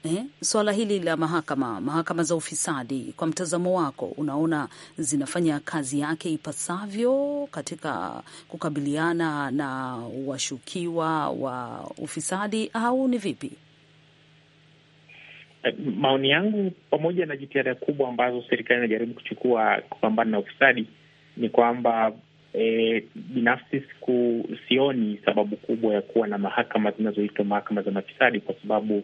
Speaker 1: eh, swala hili la mahakama, mahakama za ufisadi, kwa mtazamo wako, unaona zinafanya kazi yake ipasavyo katika kukabiliana na washukiwa wa ufisadi au ni vipi?
Speaker 5: Eh, maoni yangu, pamoja na jitihada kubwa ambazo serikali inajaribu kuchukua kupambana na ufisadi, ni kwamba E, binafsi siku sioni sababu kubwa ya kuwa na mahakama zinazoitwa mahakama za mafisadi, kwa sababu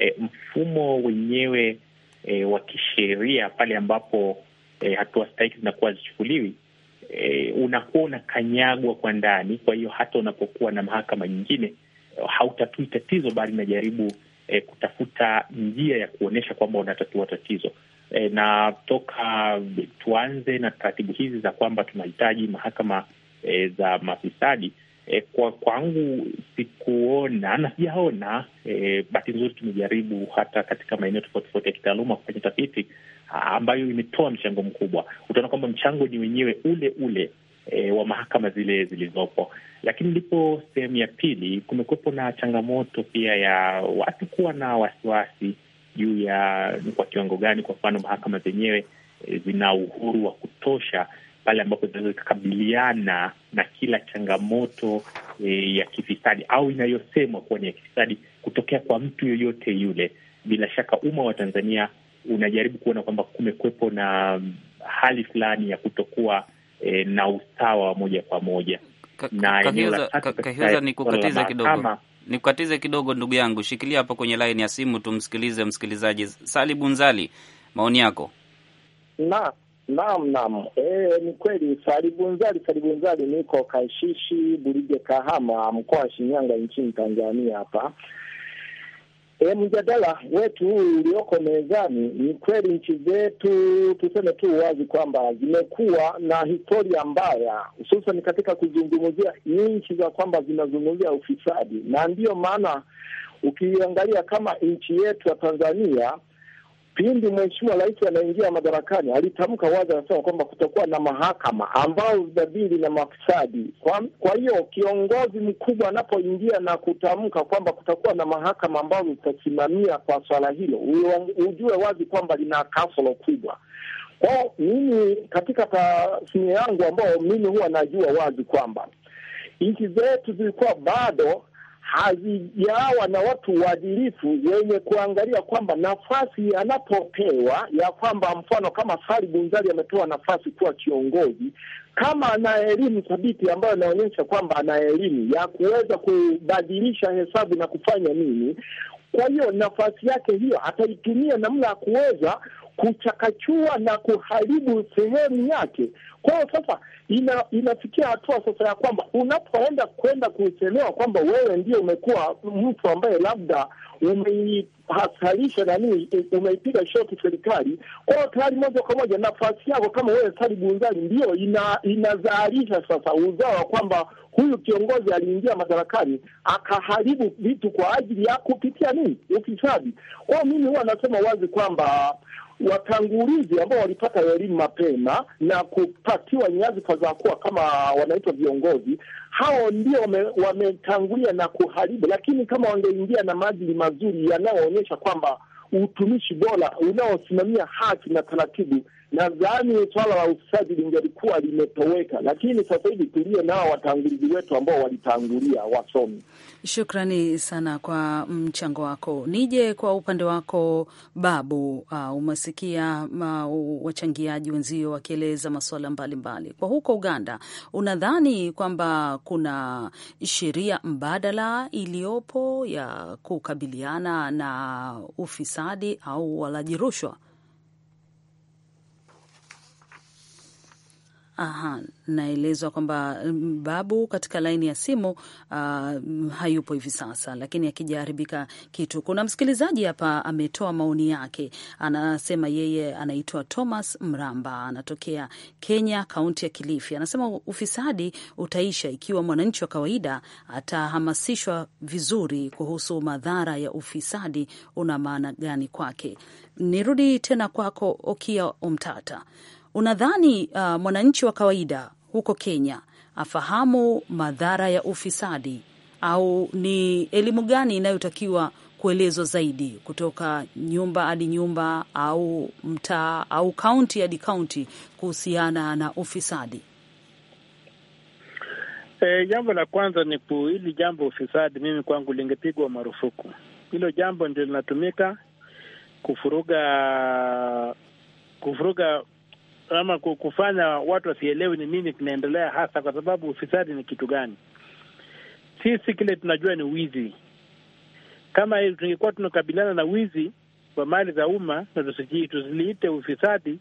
Speaker 5: e, mfumo wenyewe e, wa kisheria pale ambapo e, hatua stahiki zinakuwa hazichukuliwi e, unakuwa unakanyagwa kwa ndani. Kwa hiyo hata unapokuwa na mahakama nyingine hautatui tatizo, bali unajaribu e, kutafuta njia ya kuonyesha kwamba unatatua tatizo e, na toka tuanze na taratibu hizi za kwamba tunahitaji mahakama e, za mafisadi E, kwa kwangu sikuona na sijaona. E, bahati nzuri tumejaribu hata katika maeneo tofauti tofauti ya kitaaluma kufanya tafiti ah, ambayo imetoa mchango mkubwa. Utaona kwamba mchango ni wenyewe ule ule E, wa mahakama zile zilizopo, lakini ndipo sehemu ya pili, kumekuwepo na changamoto pia ya watu kuwa na wasiwasi juu ya kwa kiwango gani, kwa mfano mahakama zenyewe e, zina uhuru wa kutosha pale ambapo zinaweza zikakabiliana na kila changamoto e, ya kifisadi au inayosemwa kuwa ni ya kifisadi kutokea kwa mtu yoyote yule. Bila shaka umma wa Tanzania unajaribu kuona kwamba kumekwepo na mm, hali fulani ya kutokuwa e, na usawa wa moja kwa moja. Kahioza, nikukatize kidogo,
Speaker 2: nikukatize kidogo ndugu yangu, shikilia hapo kwenye laini ya simu, tumsikilize msikilizaji Sali Bunzali, maoni yako
Speaker 8: Naam, naam, Eh, ni kweli Salibunzali, Salibunzali niko Kashishi burije Kahama, mkoa wa Shinyanga, nchini Tanzania hapa. E, mjadala wetu huu ulioko mezani, ni kweli nchi zetu, tuseme tu wazi kwamba zimekuwa na historia mbaya, hususan katika kuzungumzia nchi za kwamba zinazungumzia ufisadi, na ndiyo maana ukiangalia kama nchi yetu ya Tanzania pindi mheshimiwa rais anaingia madarakani alitamka wazi, anasema kwamba kutakuwa na mahakama ambayo zitabili na mafisadi. Kwa hiyo kiongozi mkubwa anapoingia na kutamka kwamba kutakuwa na mahakama ambayo itasimamia kwa swala hilo, ujue wazi kwamba lina kasoro kubwa. Kwa mimi katika tasnia yangu ambayo mimi huwa najua wazi kwamba nchi zetu zilikuwa bado hazijawa na watu waadilifu wenye kuangalia kwamba nafasi anapopewa ya kwamba mfano kama Sali Bunzali amepewa nafasi kuwa kiongozi, kama ana elimu thabiti ambayo inaonyesha kwamba ana elimu ya kuweza kubadilisha hesabu na kufanya nini. Kwa hiyo nafasi yake hiyo ataitumia namna ya kuweza kuchakachua na kuharibu sehemu yake. Kwa hiyo sasa ina, inafikia hatua sasa ya kwamba unapoenda kwenda kuchelewa kwamba wewe ndio umekuwa mtu ambaye labda umeihasarisha nanii, umeipiga shoti serikali. Kwa hiyo tayari moja kwa moja nafasi yako kama wewe Sali Bunzali ndiyo ina, sasa uzao wa kwamba huyu kiongozi aliingia madarakani akaharibu vitu kwa ajili ya kupitia nini, ufisadi. Kwa hiyo mimi huwa nasema wazi kwamba watangulizi ambao walipata elimu mapema na kupatiwa nyadhifa za kuwa kama wanaitwa viongozi, hao ndio wametangulia wame na kuharibu, lakini kama wangeingia na maadili mazuri yanayoonyesha kwamba utumishi bora unaosimamia haki na taratibu nadhani swala la ufisadi lingelikuwa limetoweka, lakini sasa hivi tuliye nao watangulizi wetu ambao
Speaker 7: walitangulia wasomi.
Speaker 1: Shukrani sana kwa mchango wako. Nije kwa upande wako Babu. Uh, umesikia uh, wachangiaji wenzio wakieleza masuala mbalimbali. Kwa huko Uganda, unadhani kwamba kuna sheria mbadala iliyopo ya kukabiliana na ufisadi au walaji rushwa? Aha, naelezwa kwamba mm, babu katika laini ya simu uh, hayupo hivi sasa, lakini akijaribika kitu. Kuna msikilizaji hapa ametoa maoni yake, anasema yeye anaitwa Thomas Mramba, anatokea Kenya, kaunti ya Kilifi. Anasema ufisadi utaisha ikiwa mwananchi wa kawaida atahamasishwa vizuri kuhusu madhara ya ufisadi una maana gani kwake. Nirudi tena kwako Okia Omtata. Unadhani uh, mwananchi wa kawaida huko Kenya afahamu madhara ya ufisadi au ni elimu gani inayotakiwa kuelezwa zaidi kutoka nyumba hadi nyumba au mtaa au kaunti hadi kaunti kuhusiana na ufisadi?
Speaker 6: E, jambo la kwanza ni ku hili jambo ufisadi, mimi kwangu lingepigwa marufuku. Hilo jambo ndio linatumika kufuruga kufuruga ama kufanya watu wasielewi ni nini kinaendelea hasa, kwa sababu ufisadi ni kitu gani? Sisi kile tunajua ni wizi. Kama tungekuwa tunakabiliana na wizi wa mali za umma na tusiliite ufisadi,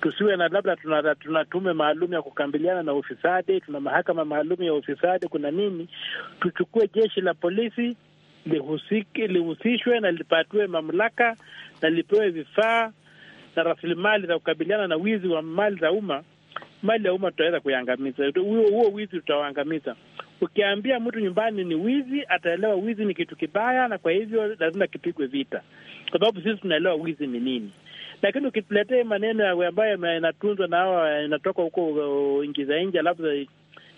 Speaker 6: tusiwe na labda tuna, tuna tume maalum ya kukabiliana na ufisadi, tuna mahakama maalum ya ufisadi, kuna nini? Tuchukue jeshi la polisi lihusike, lihusishwe na lipatiwe mamlaka na lipewe vifaa na rasilimali za kukabiliana na wizi wa mali za umma, mali ya umma tutaweza kuiangamiza. Huo wizi tutawangamiza Ukiambia mtu nyumbani ni wizi, ataelewa wizi ni kitu kibaya, na kwa hivyo lazima kipigwe vita, kwa sababu sisi tunaelewa wizi ni nini. Lakini ukituletea maneno ambayo inatunzwa na hawa inatoka huko uh, nchi za nje, alafu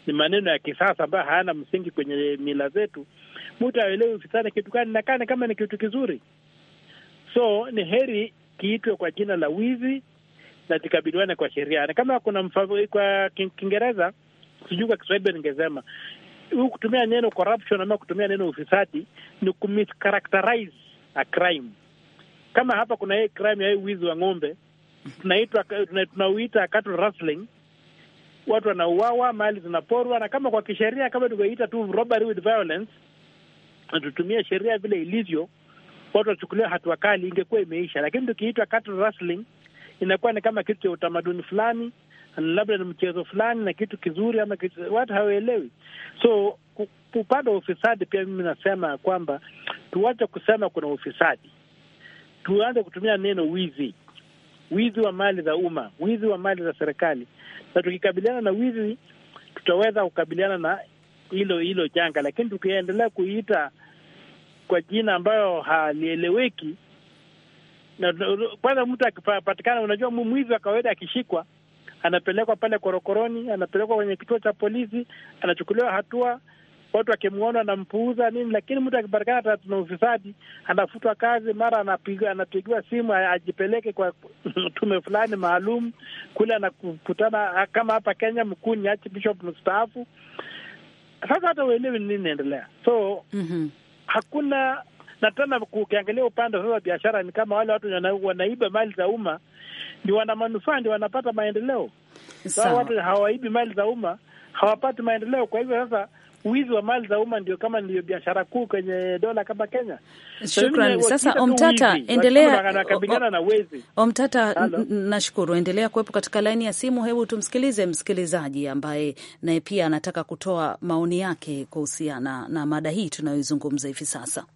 Speaker 6: ni maneno ya kisasa ambayo hayana msingi kwenye mila zetu, mtu aelewi ufisadi kitu gani na kama ni kitu kizuri. So ni heri kiitwe kwa jina la wizi na zikabiliwane kwa sheria, na kama kuna mfavu, kwa Kiingereza sijui kwa Kiswahili ningesema huu kutumia neno corruption ama kutumia neno ufisadi ni kumischaracterize a crime. Kama hapa kuna hii crime ya hii wizi wa ng'ombe tunaitwa tunauita cattle rustling, watu wanauawa, mali zinaporwa. Na kama kwa kisheria, kama tungeita tu robbery with violence na tutumie sheria vile ilivyo, watu wachukuliwa hatua kali, ingekuwa imeisha. Lakini tukiitwa cattle rustling, inakuwa ni kama kitu cha utamaduni fulani, labda ni mchezo fulani na kitu kizuri ama kitu, watu hawaelewi. So upande wa ufisadi pia mimi nasema ya kwamba tuwache kusema kuna ufisadi, tuanze kutumia neno wizi, wizi wa mali za umma, wizi wa mali za serikali, na tukikabiliana na wizi tutaweza kukabiliana na hilo hilo janga, lakini tukiendelea kuiita kwa jina ambayo halieleweki. Na kwanza mtu akipatikana, unajua mwizi wa kawaida akishikwa, anapelekwa pale korokoroni, anapelekwa kwenye kituo cha polisi, anachukuliwa hatua, watu akimwona anampuuza nini. Lakini mtu akipatikana na ufisadi, anafutwa kazi, mara anapigiwa simu ajipeleke kwa *laughs* tume fulani maalum, kule anakutana kama hapa Kenya, mkuu ni archbishop mstaafu. Sasa hata uelewi nini inaendelea, so mm -hmm hakuna na tena ukiangalia upande wa biashara ni kama wale watu wanaiba mali za umma ndio wana manufaa, ndio wanapata maendeleo. Sawa, watu hawaibi mali za umma hawapati maendeleo. Kwa hivyo sasa wizi wa mali za umma ndio kama ndiyo biashara kuu kwenye dola kama Kenya. Shukrani. Sasa Omtata, endelea
Speaker 1: Omtata, nashukuru, endelea kuwepo katika laini ya simu. Hebu tumsikilize msikilizaji ambaye naye pia anataka kutoa maoni yake kuhusiana na mada hii tunayoizungumza hivi sasa.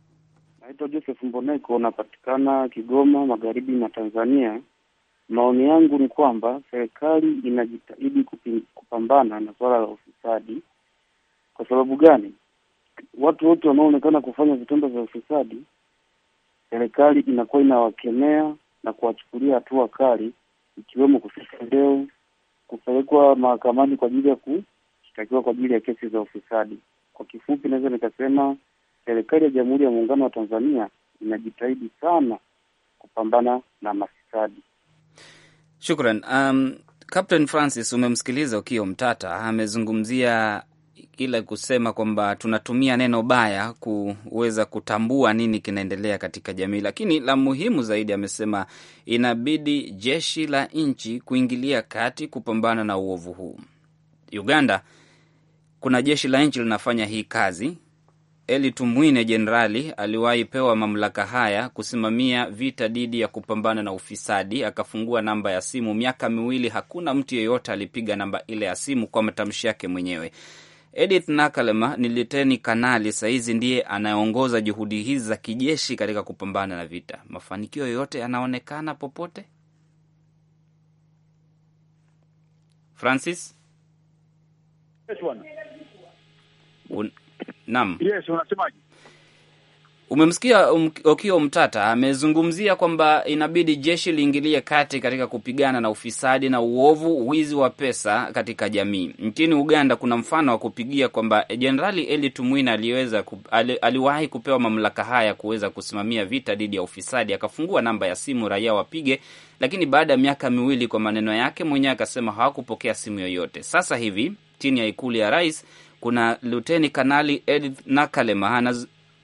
Speaker 3: Naitwa Joseph Mboneko, unapatikana Kigoma, magharibi mwa Tanzania. Maoni yangu ni kwamba serikali inajitahidi kupambana na suala la ufisadi kwa sababu gani? Watu wote wanaoonekana kufanya vitendo vya ufisadi, serikali inakuwa inawakemea na kuwachukulia hatua kali, ikiwemo kufika leo, kupelekwa mahakamani kwa ajili ya kushtakiwa kwa ajili ya kesi za ufisadi. Kwa kifupi, naweza nikasema serikali ya Jamhuri ya Muungano wa Tanzania inajitahidi sana kupambana na mafisadi.
Speaker 2: Shukran. Um, Captain Francis, umemsikiliza Ukio Mtata amezungumzia ile kusema kwamba tunatumia neno baya kuweza kutambua nini kinaendelea katika jamii, lakini la muhimu zaidi amesema inabidi jeshi la nchi kuingilia kati kupambana na uovu huu. Uganda kuna jeshi la nchi linafanya hii kazi. Eli Tumwine jenerali aliwahi pewa mamlaka haya kusimamia vita dhidi ya kupambana na ufisadi, akafungua namba ya simu. Miaka miwili hakuna mtu yeyote alipiga namba ile ya simu, kwa matamshi yake mwenyewe. Edith Nakalema ni liteni kanali, sahizi ndiye anayeongoza juhudi hizi za kijeshi katika kupambana na vita. Mafanikio yoyote yanaonekana popote? Francis, yes, Un... naam, yes, unasemaje? Umemsikia um, Okio Mtata amezungumzia kwamba inabidi jeshi liingilie kati katika kupigana na ufisadi na uovu, wizi wa pesa katika jamii. Nchini Uganda kuna mfano wa kupigia kwamba Jenerali Eli Tumwina aliweza ku, ali, aliwahi kupewa mamlaka haya kuweza kusimamia vita dhidi ya ufisadi, akafungua namba ya simu raia wapige, lakini baada ya miaka miwili, kwa maneno yake mwenyewe akasema hawakupokea simu yoyote. Sasa hivi chini ya ikulu ya rais kuna Luteni Kanali Edith Nakalema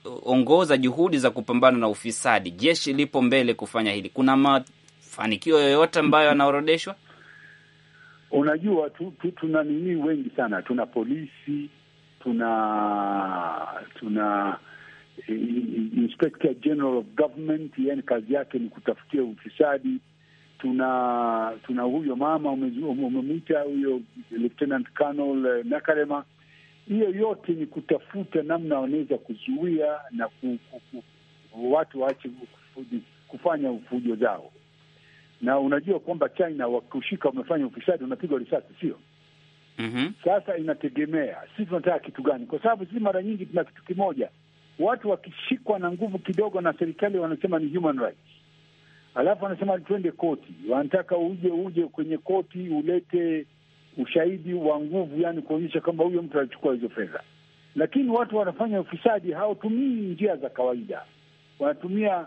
Speaker 2: ongoza juhudi za kupambana na ufisadi, jeshi lipo mbele kufanya hili, kuna mafanikio yoyote ambayo yanaorodeshwa?
Speaker 7: Unajua tu, tu, tuna nini wengi sana, tuna polisi, tuna tuna Inspector General of Government, yani kazi yake ni kutafutia ufisadi. Tuna tuna huyo mama umemwita huyo Lieutenant Colonel eh, Nakarema hiyo yote ni kutafuta namna wanaweza kuzuia na ku, ku, ku, watu waache kufanya ufujo zao, na unajua kwamba China wakushika wamefanya ufisadi wanapigwa risasi, sio? mm -hmm. Sasa inategemea sisi tunataka kitu gani, kwa sababu sisi mara nyingi tuna kitu kimoja, watu wakishikwa na nguvu kidogo na serikali wanasema ni human rights, alafu wanasema twende koti, wanataka uje uje kwenye koti ulete ushahidi wa nguvu, yani kuonyesha kwamba huyo mtu alichukua hizo fedha. Lakini watu wanafanya ufisadi, hawatumii njia za kawaida, wanatumia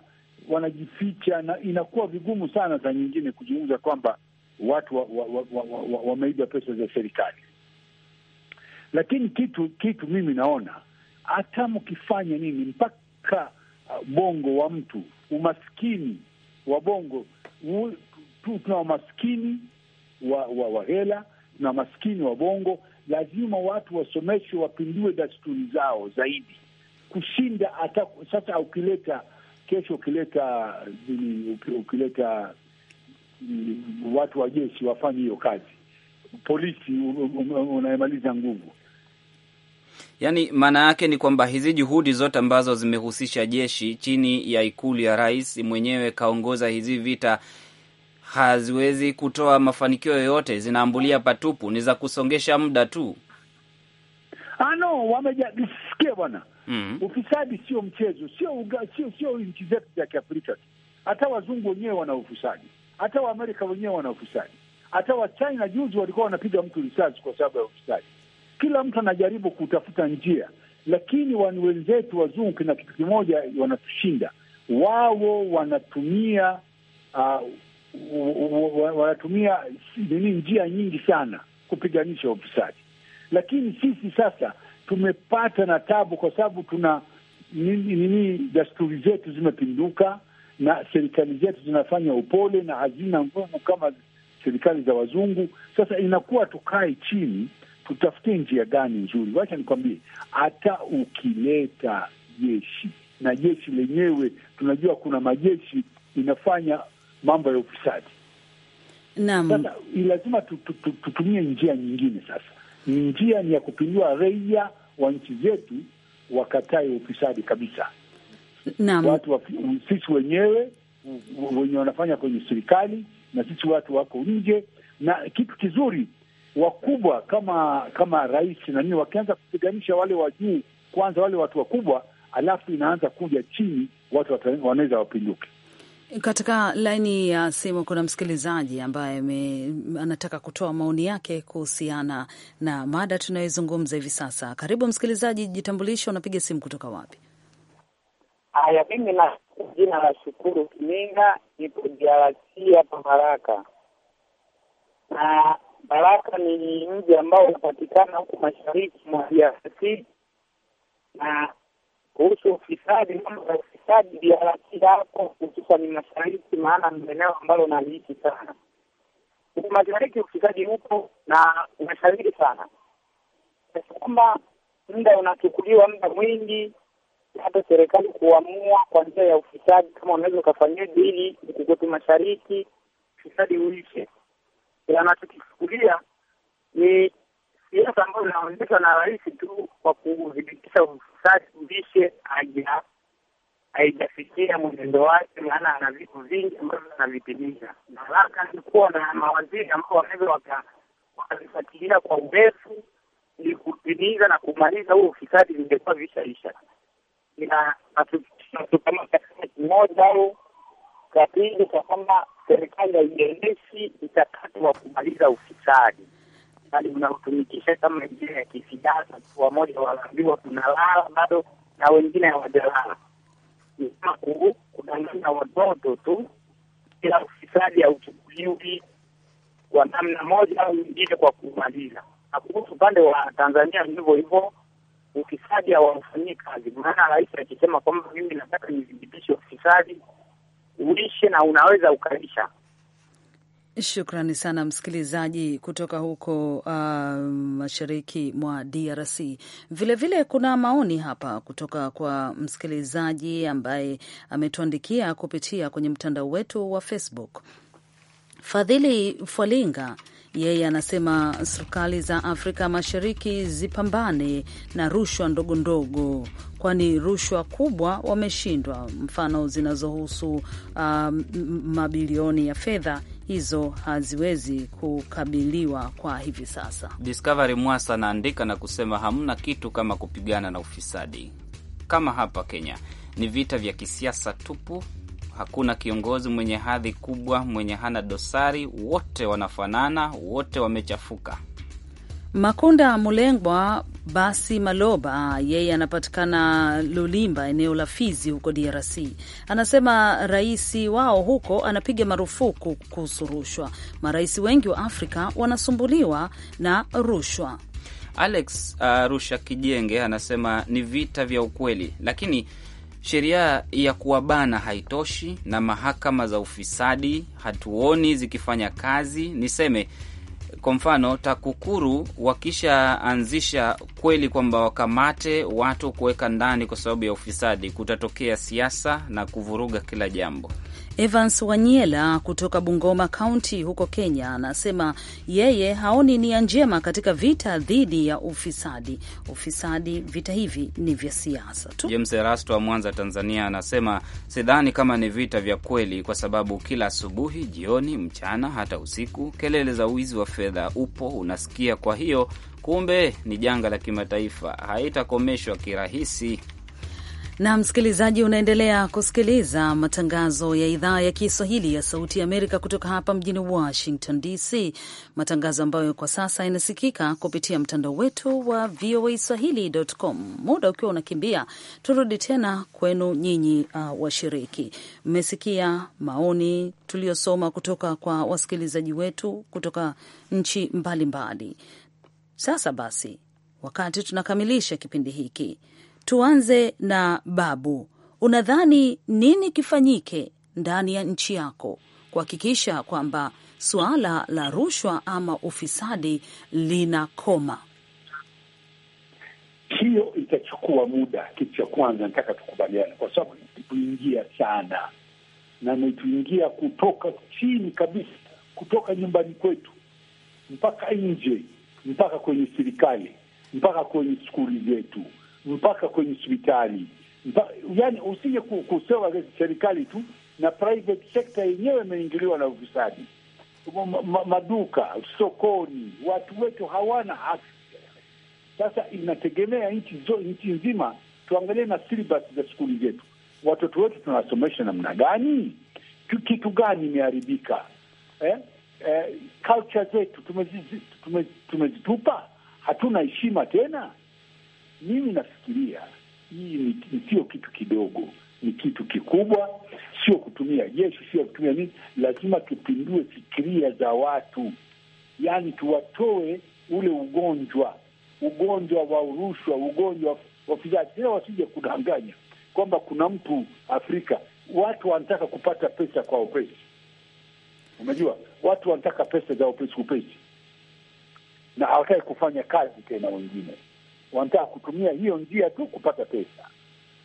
Speaker 7: wanajificha, na inakuwa vigumu sana saa nyingine kuzungumza kwamba watu wameiba wa, wa, wa, wa, wa pesa za serikali. Lakini kitu kitu mimi naona hata mkifanya nini, mpaka uh, bongo wa mtu, umaskini wa bongo, tuna umaskini wa, wa, wa hela na maskini wa Bongo, lazima watu wasomeshwe, wapindue dasturi zao zaidi kushinda hata sasa. Ukileta kesho, ukileta ukileta mm, watu wa jeshi wafanye hiyo kazi, polisi unayemaliza nguvu.
Speaker 2: yani maana yake ni kwamba hizi juhudi zote ambazo zimehusisha jeshi chini ya ikulu ya rais mwenyewe kaongoza hizi vita haziwezi kutoa mafanikio yoyote, zinaambulia patupu, ni za kusongesha muda tu.
Speaker 7: Ah, no, bwana. mm -hmm. Ufisadi sio mchezo, sio sio sio nchi zetu za Kiafrika tu, hata wazungu wenyewe wana ufisadi, hata Waamerika wenyewe wana ufisadi, hata Wachina juzi walikuwa wanapiga mtu risasi kwa sababu ya ufisadi. Kila mtu anajaribu kutafuta njia, lakini wani wenzetu wazungu, kina kitu kimoja wanatushinda, wao wanatumia uh, wanatumia nini, njia nyingi sana kupiganisha ufisadi, lakini sisi sasa tumepata na tabu, kwa sababu tuna nini, nini, dasturi zetu zimepinduka na serikali zetu zinafanya upole na hazina nguvu kama serikali za wazungu. Sasa inakuwa tukae chini, tutafutie njia gani nzuri. Wacha nikwambie, hata ukileta jeshi na jeshi lenyewe tunajua kuna majeshi inafanya mambo ya ufisadi. Naam, sasa lazima tutumie njia nyingine. Sasa njia ni ya kupindua raia wa nchi zetu wakatae ufisadi kabisa. Naam, watu wa, sisi wenyewe wenye wanafanya kwenye serikali na sisi watu wako nje, na kitu kizuri wakubwa kama kama rais na nini wakianza kupiganisha wale wa juu kwanza, wale watu wakubwa, alafu inaanza kuja chini, watu wanaweza wapinduke.
Speaker 1: Katika laini ya simu kuna msikilizaji ambaye anataka kutoa maoni yake kuhusiana na mada tunayoizungumza hivi sasa. Karibu msikilizaji, jitambulisho unapiga simu kutoka wapi?
Speaker 3: Haya, mimi na jina la Shukuru Kiminga, nipo jiarasia hapa Baraka, na Baraka ni mji ambao unapatikana huku mashariki mwa DRC na kuhusu ufisadi, mambo ya ufisadi biaraki yako hususani mashariki, maana ni eneo ambalo naliishi sana. Huku mashariki ufisadi huko na unashawiri sana, kwamba muda unachukuliwa muda mwingi, hata serikali kuamua kwa njia ya ufisadi, kama unaweza ukafanyaje ili kukote mashariki ufisadi uishe. Anachokichukulia ni siasa ambayo inaonyeshwa na rais tu kwa kudhibitisha ufisadi ulishe haijafikia mwenendo wake, maana ana vitu vingi ambavyo anavitimiza. Baraka ni kuwa na mawaziri ambao wanaweza wakavifuatilia kwa urefu ili kutimiza na kumaliza huo ufisadi, vingekuwa vishaisha. Ina kama kimoja au pili, kwa kwamba serikali haiendeshi mchakato wa kumaliza ufisadi bali unautumikisha kama njia ya kisiasa. Wamoja wanaambiwa tunalala bado na wengine hawajalala, ku kudanganya watoto tu. Kila ufisadi hauchukuliwi kwa namna moja au nyingine kwa kumaliza, na kuhusu upande wa Tanzania ndivyo hivyo ufisadi hawaufanyii kazi. Maana rais akisema kwamba mimi nataka nidhibitishe ufisadi uishe, na unaweza ukaisha,
Speaker 1: Shukrani sana msikilizaji kutoka huko uh, mashariki mwa DRC. Vilevile vile kuna maoni hapa kutoka kwa msikilizaji ambaye ametuandikia kupitia kwenye mtandao wetu wa Facebook. Fadhili Fwalinga yeye anasema serikali za Afrika Mashariki zipambane na rushwa ndogo ndogo, kwani rushwa kubwa wameshindwa, mfano zinazohusu um, mabilioni ya fedha hizo haziwezi kukabiliwa kwa hivi sasa.
Speaker 2: Discovery Mwasa anaandika na kusema hamna kitu kama kupigana na ufisadi. Kama hapa Kenya ni vita vya kisiasa tupu hakuna kiongozi mwenye hadhi kubwa, mwenye hana dosari, wote wanafanana, wote
Speaker 1: wamechafuka. Makunda Mulengwa basi Maloba, yeye anapatikana Lulimba, eneo la Fizi huko DRC, anasema rais wao huko anapiga marufuku kuhusu rushwa. Marais wengi wa Afrika wanasumbuliwa na rushwa.
Speaker 2: Alex uh, Rusha Kijenge anasema ni vita vya ukweli, lakini sheria ya kuwabana haitoshi, na mahakama za ufisadi hatuoni zikifanya kazi. Niseme kwa mfano, TAKUKURU wakishaanzisha kweli kwamba wakamate watu kuweka ndani kwa sababu ya ufisadi, kutatokea siasa na kuvuruga kila jambo.
Speaker 1: Evans Wanyela kutoka Bungoma Kaunti huko Kenya anasema yeye haoni nia njema katika vita dhidi ya ufisadi. Ufisadi, vita hivi ni vya siasa
Speaker 2: tu. James Erasto wa Mwanza, Tanzania anasema sidhani kama ni vita vya kweli, kwa sababu kila asubuhi, jioni, mchana, hata usiku kelele za wizi wa fedha upo unasikia. Kwa hiyo kumbe ni janga la kimataifa, haitakomeshwa
Speaker 1: kirahisi na msikilizaji, unaendelea kusikiliza matangazo ya idhaa ya Kiswahili ya Sauti ya Amerika kutoka hapa mjini Washington DC, matangazo ambayo kwa sasa yanasikika kupitia mtandao wetu wa VOA Swahili.com. Muda ukiwa unakimbia, turudi tena kwenu nyinyi, uh, washiriki. Mmesikia maoni tuliyosoma kutoka kwa wasikilizaji wetu kutoka nchi mbalimbali mbali. Sasa basi, wakati tunakamilisha kipindi hiki Tuanze na Babu, unadhani nini kifanyike ndani ya nchi yako kuhakikisha kwamba suala la rushwa ama ufisadi linakoma?
Speaker 7: Hiyo itachukua muda. Kitu cha kwanza nataka tukubaliane, kwa sababu ituingia sana na imetuingia kutoka chini kabisa, kutoka nyumbani kwetu mpaka nje, mpaka kwenye serikali, mpaka kwenye skuli zetu mpaka kwenye hospitali, Yani usije kusema serikali tu na private sector yenyewe imeingiliwa na ufisadi. Maduka, sokoni, watu wetu hawana haki. Sasa inategemea nchi zo nchi nzima, tuangalie na silabus za skuli zetu, watoto wetu tunawasomesha namna gani, kitu gani imeharibika eh? Eh, culture zetu tumezitupa, tume, tume hatuna heshima tena. Mimi nafikiria hii ni sio kitu kidogo, ni kitu kikubwa. Sio kutumia jeshi, sio kutumia nini, lazima tupindue fikiria za watu, yaani tuwatoe ule ugonjwa, ugonjwa wa urushwa, ugonjwa wa ufisadi. Tena wasije kudanganya kwamba kuna mtu Afrika, watu wanataka kupata pesa kwa upesi. Unajua, watu wanataka pesa za upesi upesi, na hawataki kufanya kazi tena wengine wanataka kutumia hiyo njia tu kupata pesa.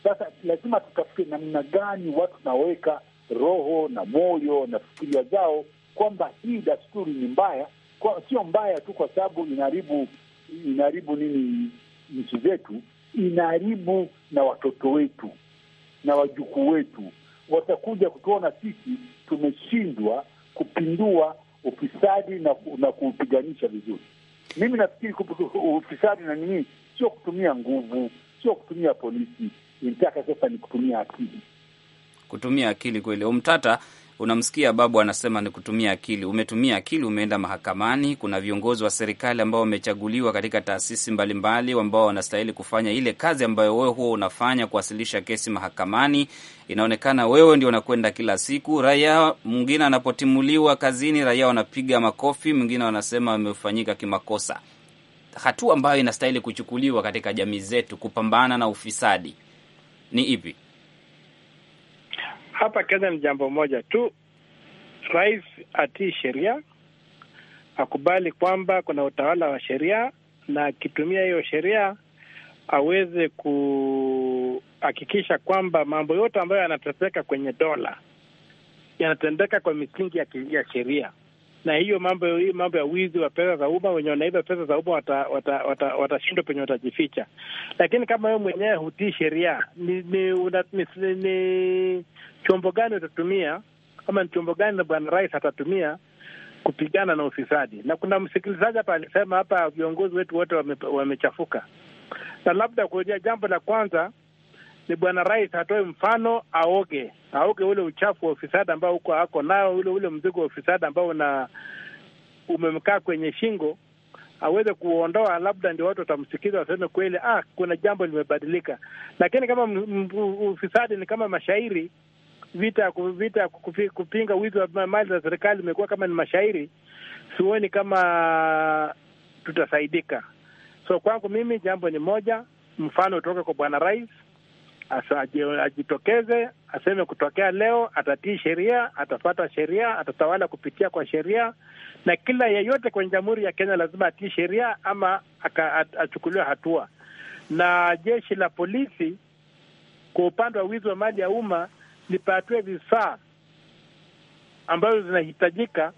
Speaker 7: Sasa lazima tutafute namna gani watu naweka roho na moyo na fikiria zao kwamba hii dasturi ni mbaya, kwa sio mbaya tu kwa sababu inaharibu inaharibu nini nchi zetu, inaharibu na watoto wetu na wajukuu wetu. Watakuja kutuona sisi tumeshindwa kupindua ufisadi na, na kuupiganisha vizuri. Mimi nafikiri ufisadi na nini sio kutumia nguvu, sio kutumia polisi. Ilitaka sasa ni kutumia akili,
Speaker 2: kutumia akili kweli. Umtata unamsikia babu anasema ni kutumia akili. Umetumia akili, umeenda mahakamani. Kuna viongozi wa serikali ambao wamechaguliwa katika taasisi mbalimbali ambao wanastahili kufanya ile kazi ambayo wewe huwa unafanya, kuwasilisha kesi mahakamani. Inaonekana wewe ndio unakwenda kila siku. Raia mwingine anapotimuliwa kazini, raia wanapiga makofi, mwingine wanasema amefanyika kimakosa hatua ambayo inastahili kuchukuliwa katika jamii zetu kupambana na ufisadi ni ipi?
Speaker 6: Hapa Kenya ni jambo moja tu, rais atii sheria, akubali kwamba kuna utawala wa sheria, na akitumia hiyo sheria aweze kuhakikisha kwamba mambo yote ambayo yanatendeka kwenye dola yanatendeka kwa misingi ya sheria na hiyo mambo hii mambo ya wizi wa pesa za umma, wenye wanaiba pesa za umma watashindwa wata, wata, wata penye watajificha. Lakini kama wewe mwenyewe hutii sheria, ni, ni, una, ni, ni chombo gani utatumia? Kama ni chombo gani bwana rais atatumia kupigana na ufisadi? Na kuna msikilizaji hapa alisema hapa viongozi wetu wote wamechafuka, wame na labda kuojia jambo la kwanza ni bwana rais atoe mfano, aoge aoge ule uchafu wa ufisadi ambao huko ako nao, ule ule mzigo wa ufisadi ambao una umemkaa kwenye shingo aweze kuondoa, labda ndio watu watamsikiza, waseme kweli, ah, kuna jambo limebadilika. Lakini kama ufisadi ni kama mashairi, vita vita kupinga wizi wa mali za serikali imekuwa kama ni mashairi, sioni kama tutasaidika. So kwangu mimi jambo ni moja, mfano utoke kwa bwana rais ajitokeze aseme kutokea leo atatii sheria, atafata sheria, atatawala kupitia kwa sheria, na kila yeyote kwenye jamhuri ya Kenya lazima atii sheria ama achukuliwe hatua. Na jeshi la polisi kwa upande wa wizi wa mali ya umma lipatiwe vifaa ambazo zinahitajika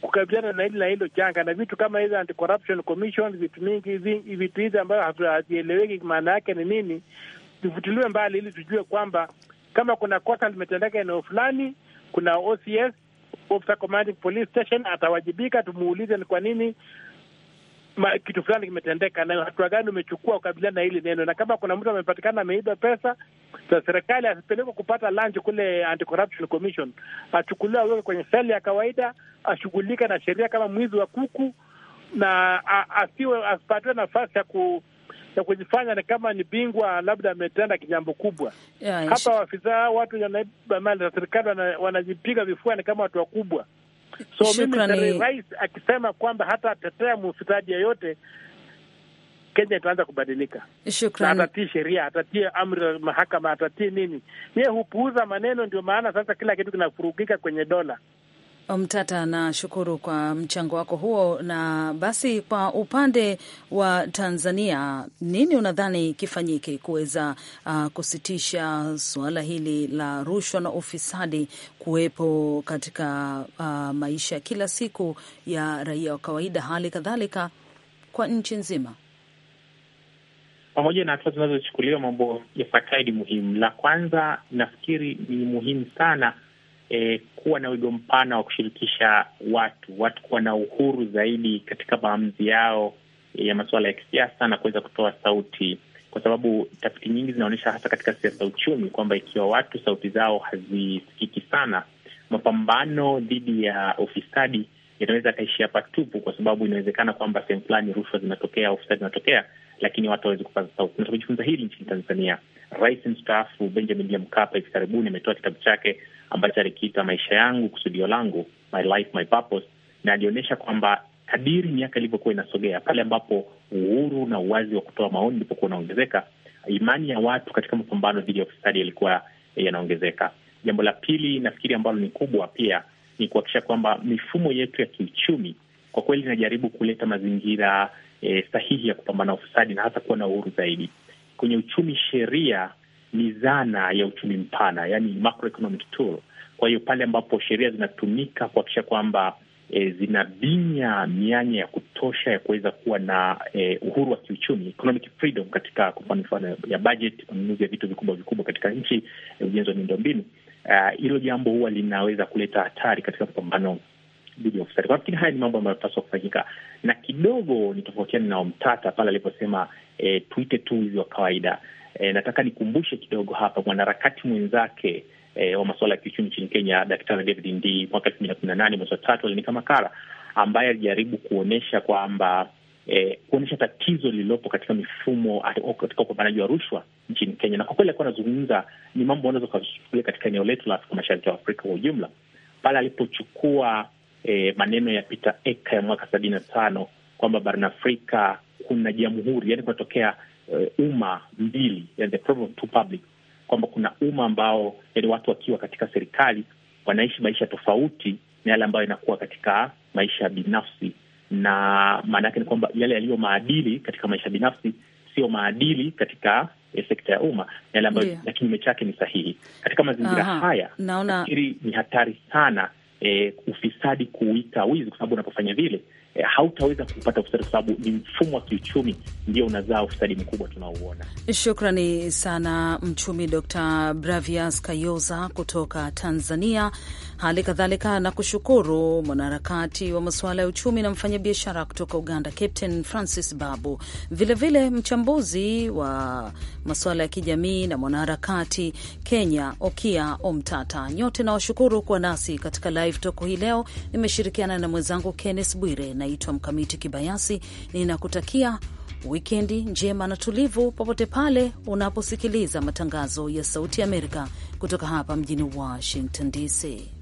Speaker 6: kukabiliana na hili na hilo janga, na vitu kama hizi anti corruption commission, vitu mingi vitu hizi ambayo havieleweki maana yake ni nini, zivutiliwe mbali ili tujue kwamba kama kuna kosa limetendeka eneo fulani, kuna OCS, Officer Commanding Police Station, atawajibika. Tumuulize ni kwa nini ma, kitu fulani kimetendeka na hatua gani umechukua kukabiliana na hili neno, na kama kuna mtu amepatikana ameiba pesa za serikali asipelekwe kupata lunch kule Anti-Corruption Commission, achukuliwe kwenye seli ya kawaida, ashughulike na sheria kama mwizi wa kuku na asiwe asipatiwe nafasi ya ku ya kujifanya ni kama ni bingwa, labda ametenda kijambo kubwa yeah, hapa wafisa watu mali za serikali wanajipiga vifua ni kama watu wakubwa.
Speaker 1: So mimi rais
Speaker 6: akisema kwamba hata atetea mufitaji yeyote Kenya itaanza kubadilika. Shukrani. Atatii sheria, atatii amri ya mahakama, atatii nini? Yeye hupuuza maneno, ndio maana sasa kila kitu kinafurugika kwenye dola.
Speaker 1: Mtata, um, nashukuru kwa mchango wako huo. Na basi kwa upande wa Tanzania, nini unadhani kifanyike kuweza uh, kusitisha suala hili la rushwa na ufisadi kuwepo katika uh, maisha ya kila siku ya raia wa kawaida, hali kadhalika kwa nchi nzima?
Speaker 5: Pamoja na hatua zinazochukuliwa, mambo yafuatayo ni muhimu. La kwanza, nafikiri ni muhimu sana E, kuwa na wigo mpana wa kushirikisha watu, watu kuwa na uhuru zaidi katika maamuzi yao ya masuala ya kisiasa na kuweza kutoa sauti, kwa sababu tafiti nyingi zinaonyesha hasa katika siasa za uchumi kwamba ikiwa watu sauti zao hazisikiki sana, mapambano dhidi ya ufisadi yanaweza akaishia patupu, kwa sababu inawezekana kwamba sehemu fulani rushwa zinatokea, ufisadi zinatokea, lakini watu hawawezi kupaza sauti. Na tumejifunza hili nchini Tanzania. Rais mstaafu Benjamin William Mkapa hivi karibuni ametoa kitabu chake ambacho alikiita maisha yangu, kusudio langu, my life, my purpose, na alionyesha kwamba kadiri miaka ilivyokuwa inasogea, pale ambapo uhuru na uwazi wa kutoa maoni ulipokuwa unaongezeka, imani ya watu katika mapambano dhidi ya ufisadi yalikuwa eh, yanaongezeka. Jambo la pili nafikiri ambalo ni kubwa pia ni kuhakikisha kwamba mifumo yetu ya kiuchumi kwa kweli inajaribu kuleta mazingira eh, sahihi ya kupambana ufisadi na hata kuwa na uhuru zaidi kwenye uchumi. Sheria ni zana ya uchumi mpana, yani macroeconomic tool. Kwa hiyo pale ambapo sheria zinatumika kuhakikisha kwamba e, zinabinya mianya ya kutosha ya kuweza kuwa na e, uhuru wa kiuchumi, economic freedom, katika kwa mfano ya bajeti, manunuzi ya vitu vikubwa vikubwa katika nchi, eh, ujenzi wa miundombinu, hilo uh, jambo huwa linaweza kuleta hatari katika mpambano dhidi ya ufisadi. Kwa nafikiri haya ni mambo ambayo yanapaswa kufanyika, na kidogo ni tofautiana na Omtata pale aliposema e, tuite tu wizi wa kawaida. E, nataka nikumbushe kidogo hapa mwanaharakati mwenzake e, wa masuala ya kiuchumi nchini Kenya, Daktari David Ndii mwaka elfu mbili na kumi na nane mwezi wa tatu alinika makala ambaye alijaribu kuonyesha kwamba e, eh, kuonyesha tatizo lililopo katika mifumo katika upambanaji wa rushwa nchini Kenya, na kwa kweli alikuwa anazungumza ni mambo anaweza kuchukulia katika eneo letu la Afrika Mashariki wa Afrika kwa ujumla, pale alipochukua e, maneno ya Peter Eka ya mwaka sabini na tano kwamba barani Afrika kuna jamhuri, yani kunatokea uh, umma mbili, the problem of two public, kwamba kuna umma ambao yani watu wakiwa katika serikali wanaishi maisha tofauti na yale ambayo inakuwa katika maisha binafsi, na maana yake ni kwamba yale yaliyo maadili katika maisha binafsi sio maadili katika e, sekta ya umma yale ambayo yeah, na kinyume chake ni sahihi. Katika mazingira haya
Speaker 1: nafikiri
Speaker 5: ni hatari sana e, ufisadi kuita wizi, kwa sababu unapofanya vile eh, hautaweza kupata ufisadi kwa sababu ni mfumo wa kiuchumi ndio unazaa ufisadi mkubwa tunaouona.
Speaker 1: Shukrani sana mchumi Dr. Bravias Kayoza kutoka Tanzania. Hali kadhalika na kushukuru mwanaharakati wa masuala ya uchumi na mfanyabiashara kutoka Uganda, Captain Francis Babu, vilevile vile mchambuzi wa masuala ya kijamii na mwanaharakati Kenya, Okia Omtata. Nyote nawashukuru kuwa nasi katika live talk hii leo. Nimeshirikiana na mwenzangu Kenneth Bwire. Naitwa Mkamiti Kibayasi, ninakutakia wikendi njema na tulivu popote pale unaposikiliza matangazo ya Sauti ya Amerika kutoka hapa mjini Washington DC.